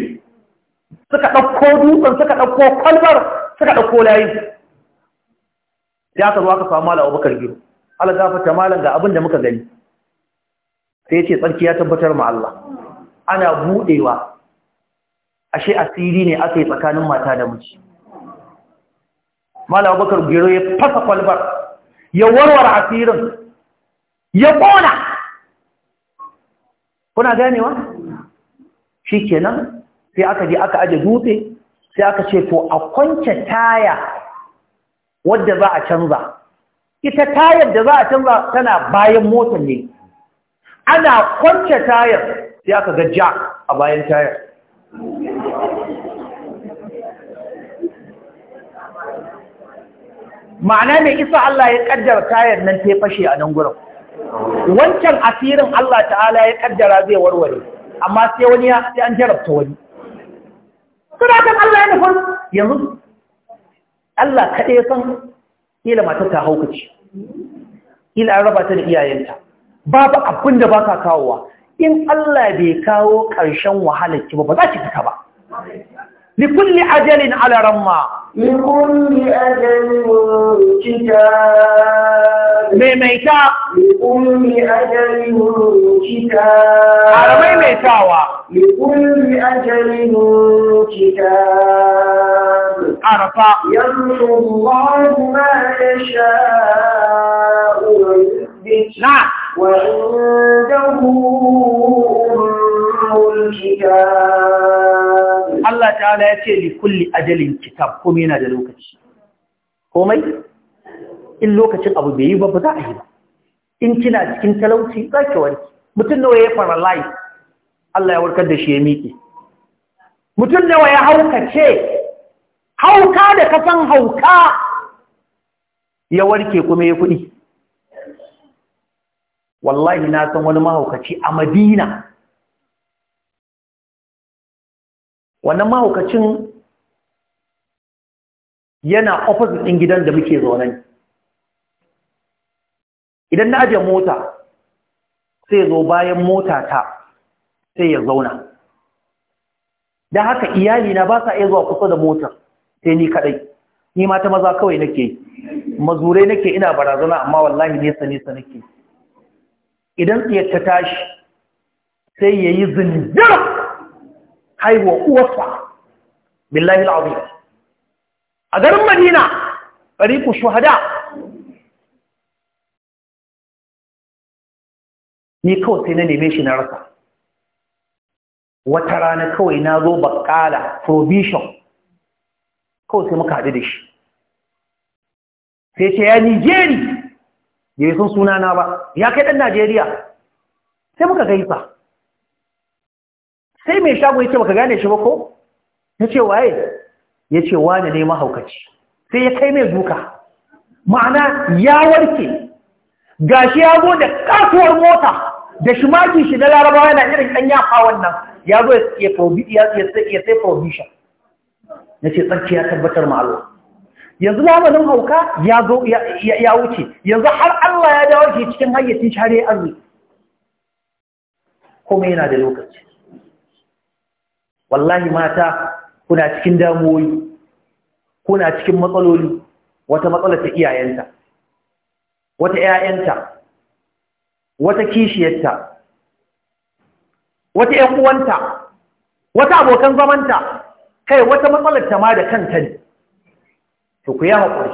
suka ɗauko dutsen suka ɗauko kwalbar suka ɗauko layi ya ka zo aka samu mala abubakar biyu ala gafata malam ga abin da muka gani sai ce tsarki ya tabbatar ma Allah ana buɗewa ashe asiri ne aka yi tsakanin mata da miji mala abubakar gero ya fasa kwalbar ya warware asirin ya kona kuna ganewa shi kenan sai aka je aka aje dutse sai aka ce to a kwance taya wadda za a canza ita tayar da za a canza tana bayan motar ne ana kwance tayar sai aka ga jack a bayan tayar ma'ana mai isa Allah ya kaddara tayar nan ta fashe a nan gurin wancan asirin Allah ta'ala ya ƙaddara zai warware amma sai wani ya an jarabta wani sunatan Allah ya nufin yanzu Allah kaɗai san ila matar ta haukaci ila an raba ta da iyayenta babu abin da ba ka kawowa in Allah bai kawo ƙarshen wahalar ki ba ba za ki fita ba لكل أجل على رمى لكل أجل كتاب ميتا لكل أجل كتاب على ميميتا لكل أجل كتاب عرفا يمحو الله ما يشاء ويثبت نعم وعنده أم الكتاب Allah ta'ala ya ce li kulli ajalin kitab kuma yana da lokaci komai in lokacin abu bai yi ba ba za a yi ba in kina cikin talauci za ki warki mutum nawa ya paralyze Allah ya warkar da shi ya miƙe mutum nawa ya haukace hauka da kasan hauka ya warke kuma ya kuɗi wallahi na san wani mahaukaci a madina wannan mahaukacin yana opposite ɗin gidan da muke zaune idan na ajiye mota sai zo bayan mota ta sai ya zauna da haka iyali na ba sa iya zuwa kusa da motar sai ni kaɗai, ni ma ta maza kawai nake mazurai nake ina barazana amma wallahi nesa nesa nake idan tsiyar ta tashi sai ya yi zindir haihuwa uwarsa billahi al'azim a garin madina ku shuhada ni kawai sai na neme shi na rasa wata rana kawai na zo bakala provision kawai sai muka haɗu da shi sai ce ya nijeri da yi sun na ba ya kai ɗan najeriya sai muka gaisa sai mai shago ya ce baka gane shi ba ko ya ce waye ya ce wane ne mahaukaci sai ya kai mai duka ma'ana ya warke gashi ya zo da kasuwar mota da shi shimaki shi na Laraba yana irin ɗan yafa wannan ya zo ya sai provision ya ce tsarki ya tabbatar ma'alwa yanzu lamarin hauka ya wuce yanzu har Allah ya dawo ki cikin hayyacin shari'a ne. kuma yana da lokaci wallahi mata kuna cikin damuwoyi kuna cikin matsaloli wata matsala ta iyayenta wata ƴaƴanta wata kishiyarta wata ƴan uwanta wata abokan zamanta kai wata matsalar ta ma da kanta ne to ku yi haƙuri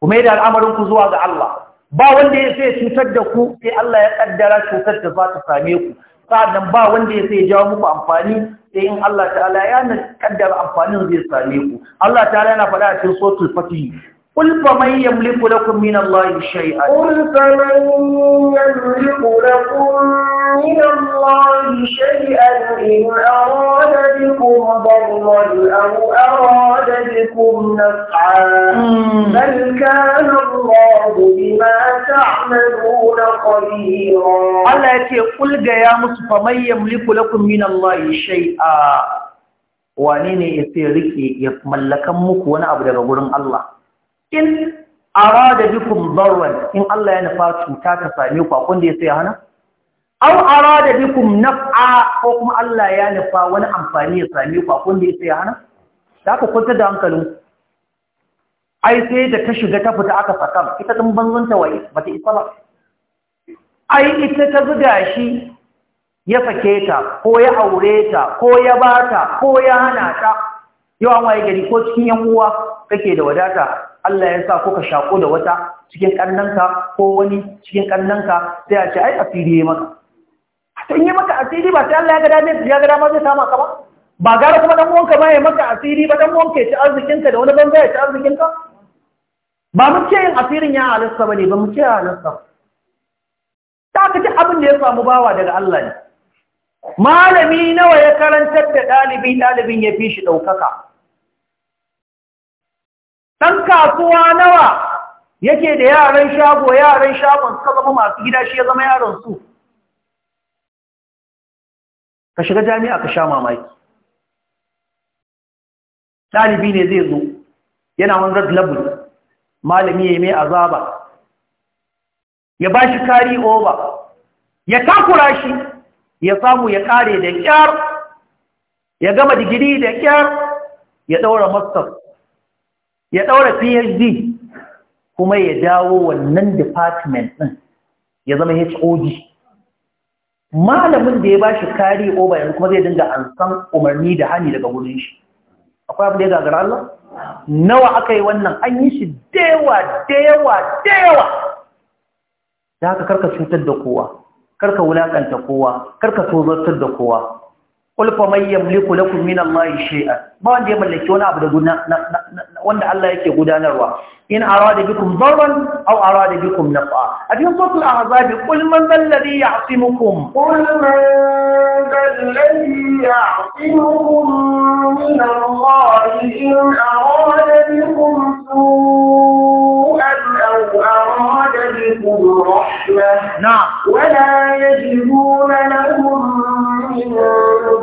ku mai da al'amarin ku zuwa ga Allah ba wanda ya sai cutar da ku sai Allah ya kaddara cutar da za ta same ku sa'annan ba wanda ya sai jawo muku amfani da yin Allah ta'ala ya na kaddar amfanin zai same ku Allah ta'ala yana faɗa a cikin suratul fatih قل فمن يملك لكم من الله شيئا قل فمن يملك لكم من الله شيئا إن أراد بكم ضرا أو أراد بكم نفعا بل كان تعملون خبيرا الله يتي قل يا مصطفى من يملك لكم من الله شيئا wane ne ya fi rike ya mallakan muku wani abu daga gurin Allah in da bikum darran in Allah ya nufa cuta ta same ku akwai da ya sai hana aw da bikum naf'a ko kuma Allah ya nufa wani amfani ya same ku akwai da ya sai hana ta ka kwanta da hankalinku ai sai da ta shiga ta fita aka saka ita din banzanta waye bata isa ba ai ita ta zuga shi ya sake ta ko ya aure ta ko ya bata ko ya hana ta yau an waye gari ko cikin yan uwa kake da wadata Allah ya sa kuka shako da wata cikin kannanka ko wani cikin kannanka sai a ce ai asiri ya maka tun yi maka asiri ba sai Allah ya ga dame ya ga dama zai sama ka ba ba gara kuma dan uwanka ba ya maka asiri ba dan uwanka ya ci arzikinka da wani banza ya ci arzikinka ba mu ce yin asirin ya halasta ba ne ba mu ce ya halasta ta ka ci abin da ya samu bawa daga Allah ne malami nawa ya karantar da ɗalibi ɗalibin ya fi shi ɗaukaka ɗan kasuwa nawa yake da yaran shago yaran shagon suka zama masu gida shi ya zama yaransu? su ka shiga jami'a ka sha mamaki ɗalibi ne zai zo yana wanzar labulu malami ya mai azaba ya ba shi kari oba ya takura shi ya samu ya kare da kyar ya gama digiri da kyar ya ɗaura master ya daura phd kuma ya dawo wannan department ɗin ya zama hod malamin da ya ba shi kari oba yanzu kuma zai dinga an san umarni da hani daga wurin shi akwai abu da ya gagara Allah nawa aka yi wannan an yi shi dewa dewa dewa da haka karka cutar da kowa karka wulakanta kowa karka tozartar da kowa qul mai man yamliku lakum min Allah ba wanda ya mallaki wani abu da wanda Allah yake gudanarwa إن أراد بكم ضرا أو أراد بكم نفعا أفين صوت الأعزاب قل من ذا الذي يعصمكم قل من ذا الذي يعصمكم من الله إن أراد بكم سوءا أو أراد بكم رحمة نعم ولا يجدون لهم من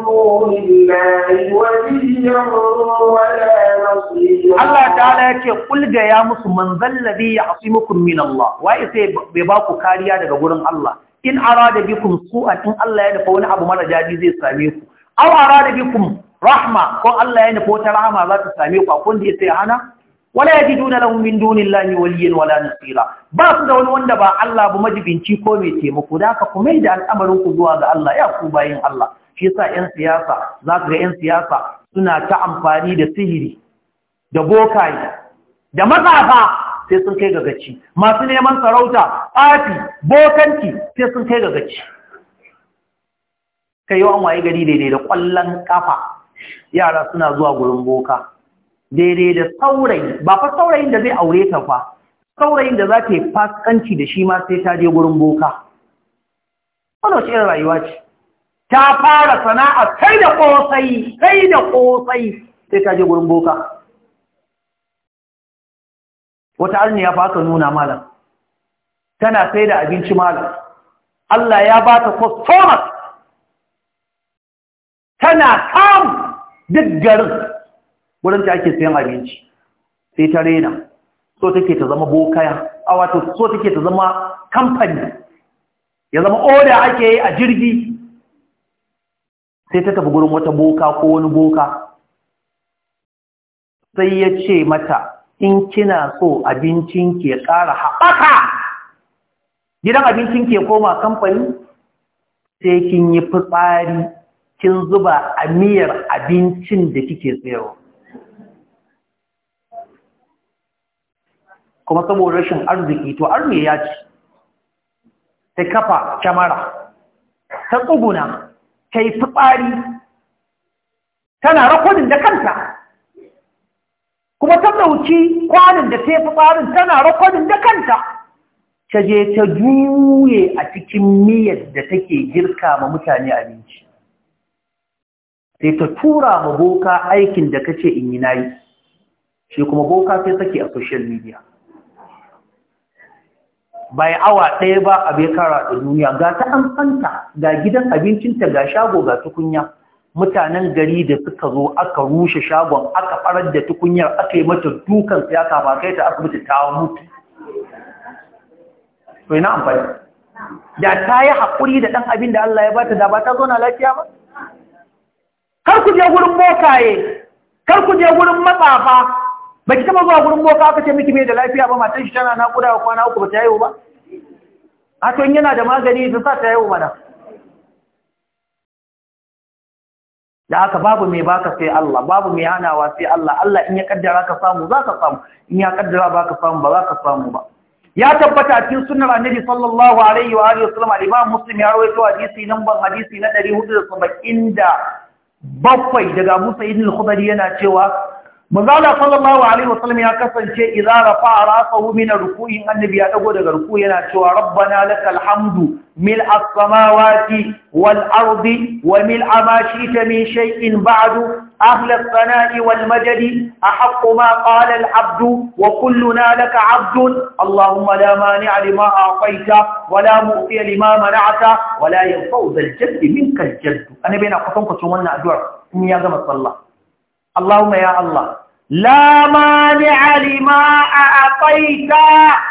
دون الله وليا ولا Allah ta'ala ya ce kulga ya musu manzan ladhi ya'simukum min Allah wai sai bai ba ku kariya daga gurin Allah in arada bikum su'an in Allah ya nufa wani abu mara jaji zai same ku aw arada bikum rahma ko Allah ya nufa wata rahama za ta same ku akwai da ya sai hana wala yajiduna lahum min dunillahi waliyyan wala nasira ba su da wani wanda ba Allah ba majibinci ko mai taimako da haka ku mai da al'amarin ku zuwa ga Allah ya ku bayin Allah shi yasa 'yan siyasa za ga 'yan siyasa suna ta amfani da sihiri da bokaye da matsafa sai sun kai ga gaci masu neman sarauta afi bokanci sai sun kai ga gaci kai yawan waye gari daidai da ƙwallon ƙafa yara suna zuwa gurin boka daidai da saurayi ba fa saurayin da zai aure ta fa saurayin da za ta yi faskanci da shi ma sai ta je gurin boka wani wace irin rayuwa ce ta fara sana'a kai da ƙosai kai da ƙosai sai ta je gurin boka wata arniya fa ka nuna malam tana sai da abinci malam Allah ya ba ta customers tana kam duk garin wurin ta ake sayan abinci sai ta rena so take ta zama bokaya a wato so take ta zama kamfani ya zama oda ake yi a jirgi sai ta tafi gurin wata boka ko wani boka sai ya ce mata in kina so abincin ke ƙara haɓaka gidan abincin ke koma kamfani sai kin yi fitsari kin zuba a miyar abincin da kike tsayawa kuma saboda rashin arziki to arme ya ci ta kafa kyamara ta tsuguna ta yi fitsari tana rakodin da kanta kuma ta ɗauki kwanin da ta fi ɓarin tana rakonin da kanta ta je ta juye a cikin miyar da take girka ma mutane abinci sai ta tura ma boka aikin da kace in yi nayi shi kuma boka sai take a social media bai awa ɗaya ba a bekara kara da duniya ga ta an ga gidan abincinta ga shago ga tukunya mutanen gari da suka zo aka rushe shagon aka farar da tukunyar aka yi mata dukan siyasa ba kai ta asibiti ta mutu to ina amfani da ta yi haƙuri da ɗan abin da Allah ya bata da ba ta zo na lafiya ba kar ku je gurin bokaye kar ku je gurin matsafa ba ki taɓa zuwa gurin boka aka ce miki bai da lafiya ba matan shi tana naƙuda wa kwana uku ba ta yi haihu ba a to yana da magani ta sa ta yi haihu mana da aka babu mai baka sai Allah babu mai hanawa sai Allah Allah in ya kaddara ka samu za ka samu in ya kaddara ba ka samu ba za ka samu ba ya tabbata a cikin sunnar annabi sallallahu alaihi wa alihi wasallam al-imam muslim ya rawaito hadisi nan ban hadisi na bakwai daga Musa ibn al-Khudri yana cewa manzala sallallahu alaihi wasallam ya kasance idza rafa'a ra'sahu min ruku'in annabi ya dago daga ruku yana cewa rabbana lakal hamdu mil as-samawati wal ardi wa mil ma shi'ta min shay'in ba'du ahla as-sana'i wal majdi a ma qala al-'abdu wa kulluna laka 'abdun allahumma la mani'a lima a'tayta wa la mu'tiya lima mana'ta wa la yanfa'u dhal-jaddi minka al-jadd annabi yana kusan kucin wannan addu'ar in ya gama sallah Allahumma ya Allah la a lima ta.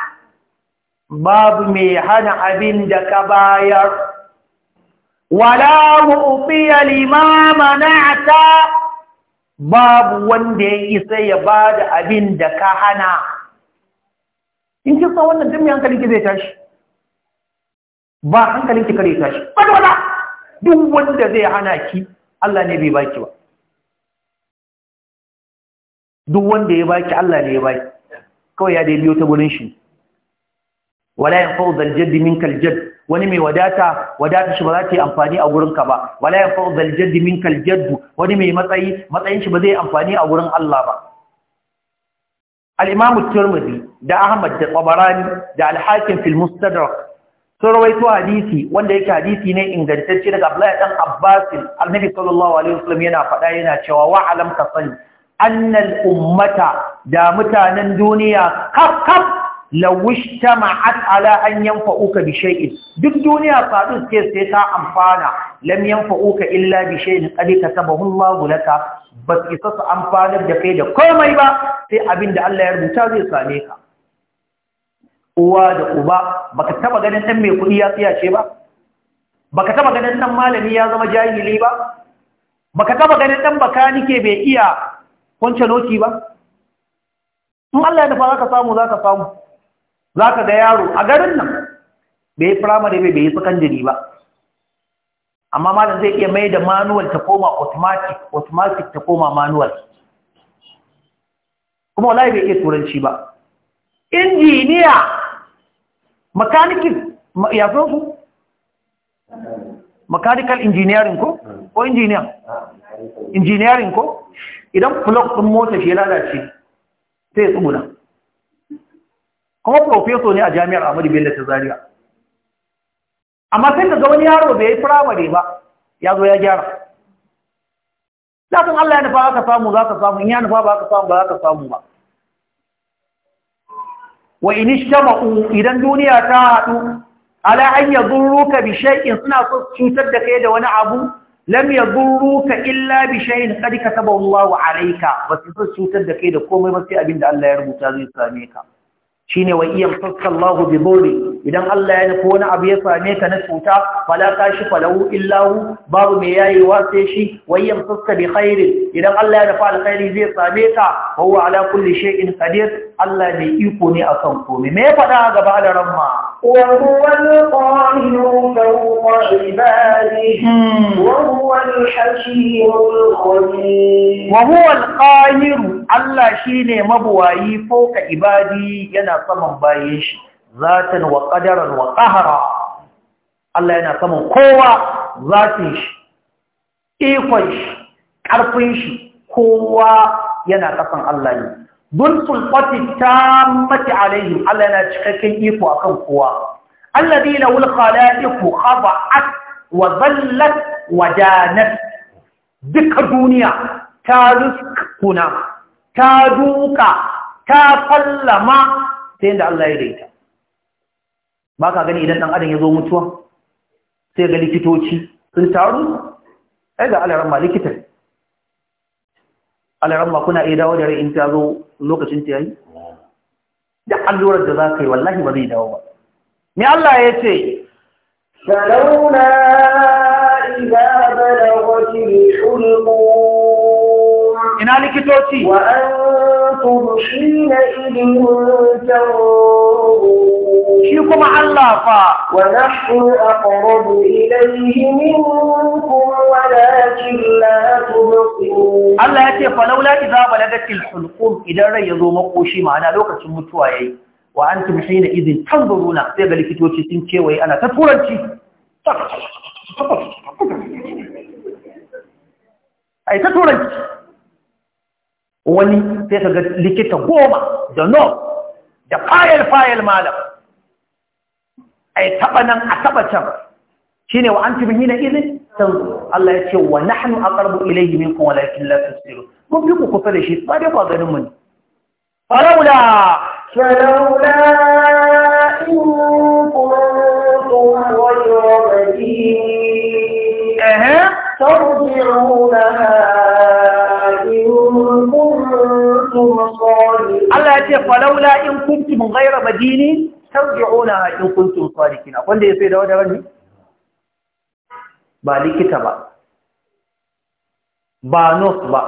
babu mai hana abin da ka bayar wala mu'tiya lima ta. babu wanda ya isa ya bada abin da ka hana in kisa wannan duk mai hankali ki zai tashi ba hankalin ki kare tashi wanda duk wanda zai hana ki Allah ne bai baki ba duk wanda ya baki Allah ne ya baki kawai ya da biyo ta gurin shi wala yanfa'u zal jaddi minkal jadd wani mai wadata wadata shi ba za ta yi amfani a gurinka ba wala yanfa'u zal jaddi minkal jadd wani mai matsayi matsayin shi ba zai amfani a gurin Allah ba al-imam at da ahmad da tabarani da al-hakim fil mustadrak sun rawaito hadisi wanda yake hadisi ne ingantacce daga Abdullahi dan Abbas annabi sallallahu alaihi wasallam yana faɗa yana cewa wa alam ka sani annal ummata da mutanen duniya kaf kaf lawishta ma'at ala an yanfa'uka bi shay'in duk duniya fadin ce sai ta amfana lam yanfa'uka illa bi shay'in qad katabahu Allahu laka ba su isa su amfanar da kai da komai ba sai abin Allah ya rubuta zai same ka uwa da uba baka taba ganin dan mai kuɗi ya tsiyace ba baka taba ganin dan malami ya zama jahili ba baka taba ganin dan bakanike bai iya kwanci doki ba in Allah ya dafa za ka samu za ka samu za ka ga yaro a garin nan bai yi firamare bai bai yi sakandiri ba amma malam zai iya mai da manuwal ta koma automatic automatic ta koma manuwal kuma wallahi bai iya turanci ba injiniya makanikin ya zo su mechanical engineering ko ko engineer engineering ko idan plug ɗin mota shi lalace sai ya tsuguna kuma profeso ne a jami'ar amadu bello ta Zariya. amma sai ka ga wani yaro bai yi firamare ba ya zo ya gyara zafin allah ya nufa aka samu za ka samu in ya nufa ba aka samu ba za ka samu ba wa inishtama'u idan duniya ta haɗu ala an yadurruka bi shay'in suna so cutar da kai da wani abu lam yadurruka illa bi shay'in qad kataba Allahu alayka ba su cutar da kai da komai ba sai abinda Allah ya rubuta zai same ka shine wa iyam sallallahu bi dhurri idan Allah ya nufi wani abu ya same ka na cuta fala kashi falahu illa hu babu mai yayewa sai shi wa iyam sassa bi khairin idan Allah ya nufi alkhairi zai same ka wa huwa ala kulli shay'in qadir Allah mai iko ne akan komai me ya faɗa gaba da ramma wa huwa عباده وهو الحكيم الخبير وهو القاهر الله شيني مبواي فوق عبادي ينا صمم بايش ذاتا وقدرا وقهرا الله ينا صمم قوة ذاتي إيقش كارفيش قوة ينا قصن الله دون سلطة تامة عليهم الله ينا تشككين إيقوا أكم قوة alladhi lahu al-khalaiqu khada'at wa dhallat wa janat duka duniya ta rizquna ta duka ta fallama sai da Allah ya daita ba ka gani idan ɗan adam ya zo mutuwa sai ga likitoci sun taru ai ga alaramma likitan alaramma kuna iya dawo da rai in ta zo lokacin ta yi? da allurar da za ka yi wallahi ba zai dawo ba Ni Allah ya ce, Sarauna iza balagoti hulqum Ina likitoci? Wa antum hina idin Shi kuma Allah fa. Wa nahnu aqrabu ilayhi minkum walakin la tubqin. Allah ya ce falaula iza balagati hulqum idan rai ya zo makoshi ma'ana lokacin mutuwa ya yi. wa an tum hina idin tanzuruna sai ga likitoci sun kewaye ana ta turanci ai ta turanci wani sai ka ga likita goma da no da fayil fayil malam ai taba nan a taba can shine wa an tum hina idin tanzur Allah ya ce wa nahnu aqrabu ilayhi minkum walakin la tusirun mun bi ku fara shi ba dai ba ganin mu ne faraula فلولا إن كنتم غير مدينين ترجعونها إن كنتم صالحين الله فلولا إن كنتم غير مدينين ترجعونها إن كنتم صالحين أقول لي يصير هذا غني ba likita ba ba nurse ba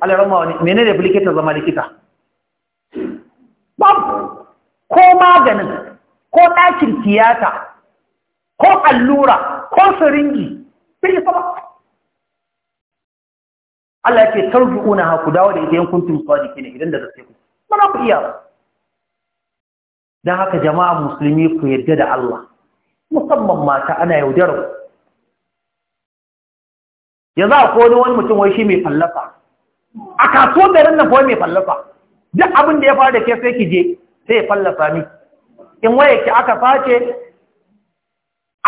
Allah ya rama fam ko maganin ko ɗakin tiyata ko allura ko siringi bai fama Allah ce tarjuuna una haku dawo da idan jiki ne idan da gaske ku mana ku iya don haka jama'a musulmi ku yarda da Allah musamman mata ana za yanzu akwai wani mutum wai shi mai fallafa a kasuwar garin nan kuwa mai fallafa duk abin da ya fara da ke sai ki je sai ya fallasa ni in waye ki aka sace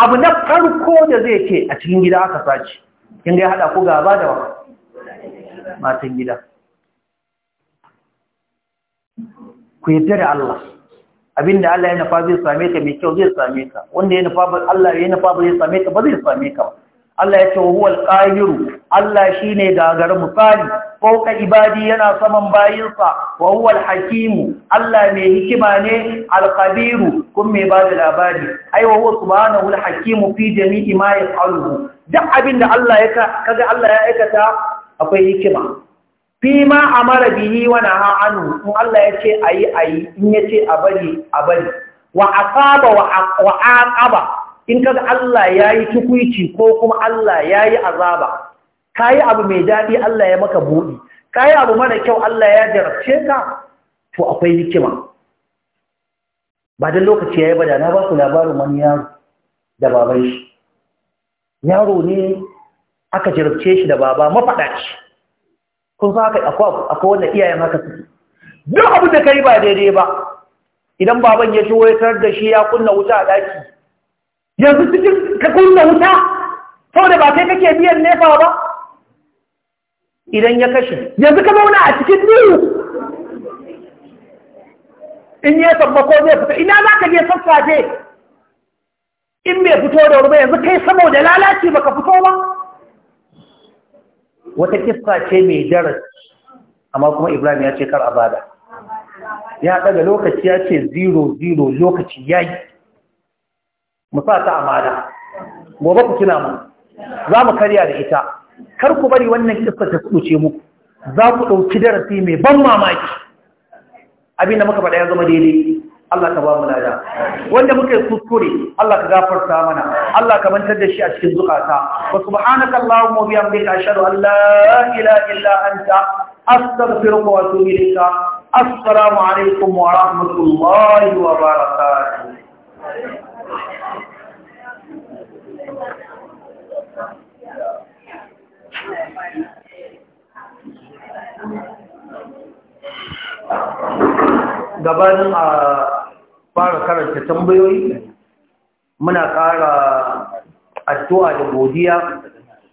abu na farko da zai ke a cikin gida aka sace kin ga ya hada ku gaba da matan gida ku yi da Allah abinda Allah ya nufa zai same ka mai kyau zai same ka wanda ya nufa Allah ya nufa ba zai same ka ba zai same ka Allah ya ce huwal qahiru Allah shi ne gagar misali, fauka ibadi yana saman bayinsa, wa huwal hakimu, Allah mai hikima ne alkabiru kun mai ba da labari, aiwa wasu ba na wul hakimu fi jami'i ma ya faru. Duk abin da Allah ya kaga Allah ya aikata akwai hikima. Fi ma a mara bihi wani ha'anu, in Allah ya ce a yi a yi, in ya ce a bari a bari. Wa a saba, wa a ƙaba, in kaga Allah ya yi tukuici ko kuma Allah ya yi azaba. ka yi abu mai daɗi Allah ya maka buɗi ka yi abu mana kyau Allah ya jarabce ka to akwai hikima ba don lokaci ya yi bada na ba su labarin wani yaro da baban shi yaro ne aka jarabce shi da baba shi kun sa haka akwai wanda iyayen haka suke duk abu da kai ba daidai ba idan baban ya shigo ya tarar da shi ya kunna wuta a ɗaki yanzu cikin ka kunna wuta saboda ba kai kake biyan nefa ba idan ya kashe yanzu ka zauna a cikin niyu in ya sabbako zai fita ina za ka je sassafe in bai fito da wuri yanzu kai saboda lalaci baka fito ba wata kista ce mai darasi amma kuma ibrahim ya ce kar a bada ya daga lokaci ya ce zero zero lokaci ya yi mu ta amana gobe ku kina mu za mu karya da ita kar ku bari wannan kissa ta kuce muku za ku ɗauki darasi mai ban mamaki abinda muka faɗa ya zama daidai Allah ka ba mu lada wanda muka yi kuskure Allah ka gafarta mana Allah ka mantar da shi a cikin zukata wa subhanaka allahumma wa bihamdika ashhadu an la ilaha illa anta astaghfiruka wa atubu ilayka assalamu alaikum wa rahmatullahi wa barakatuh gabanin a fara karanta tambayoyi muna ƙara addu'a da godiya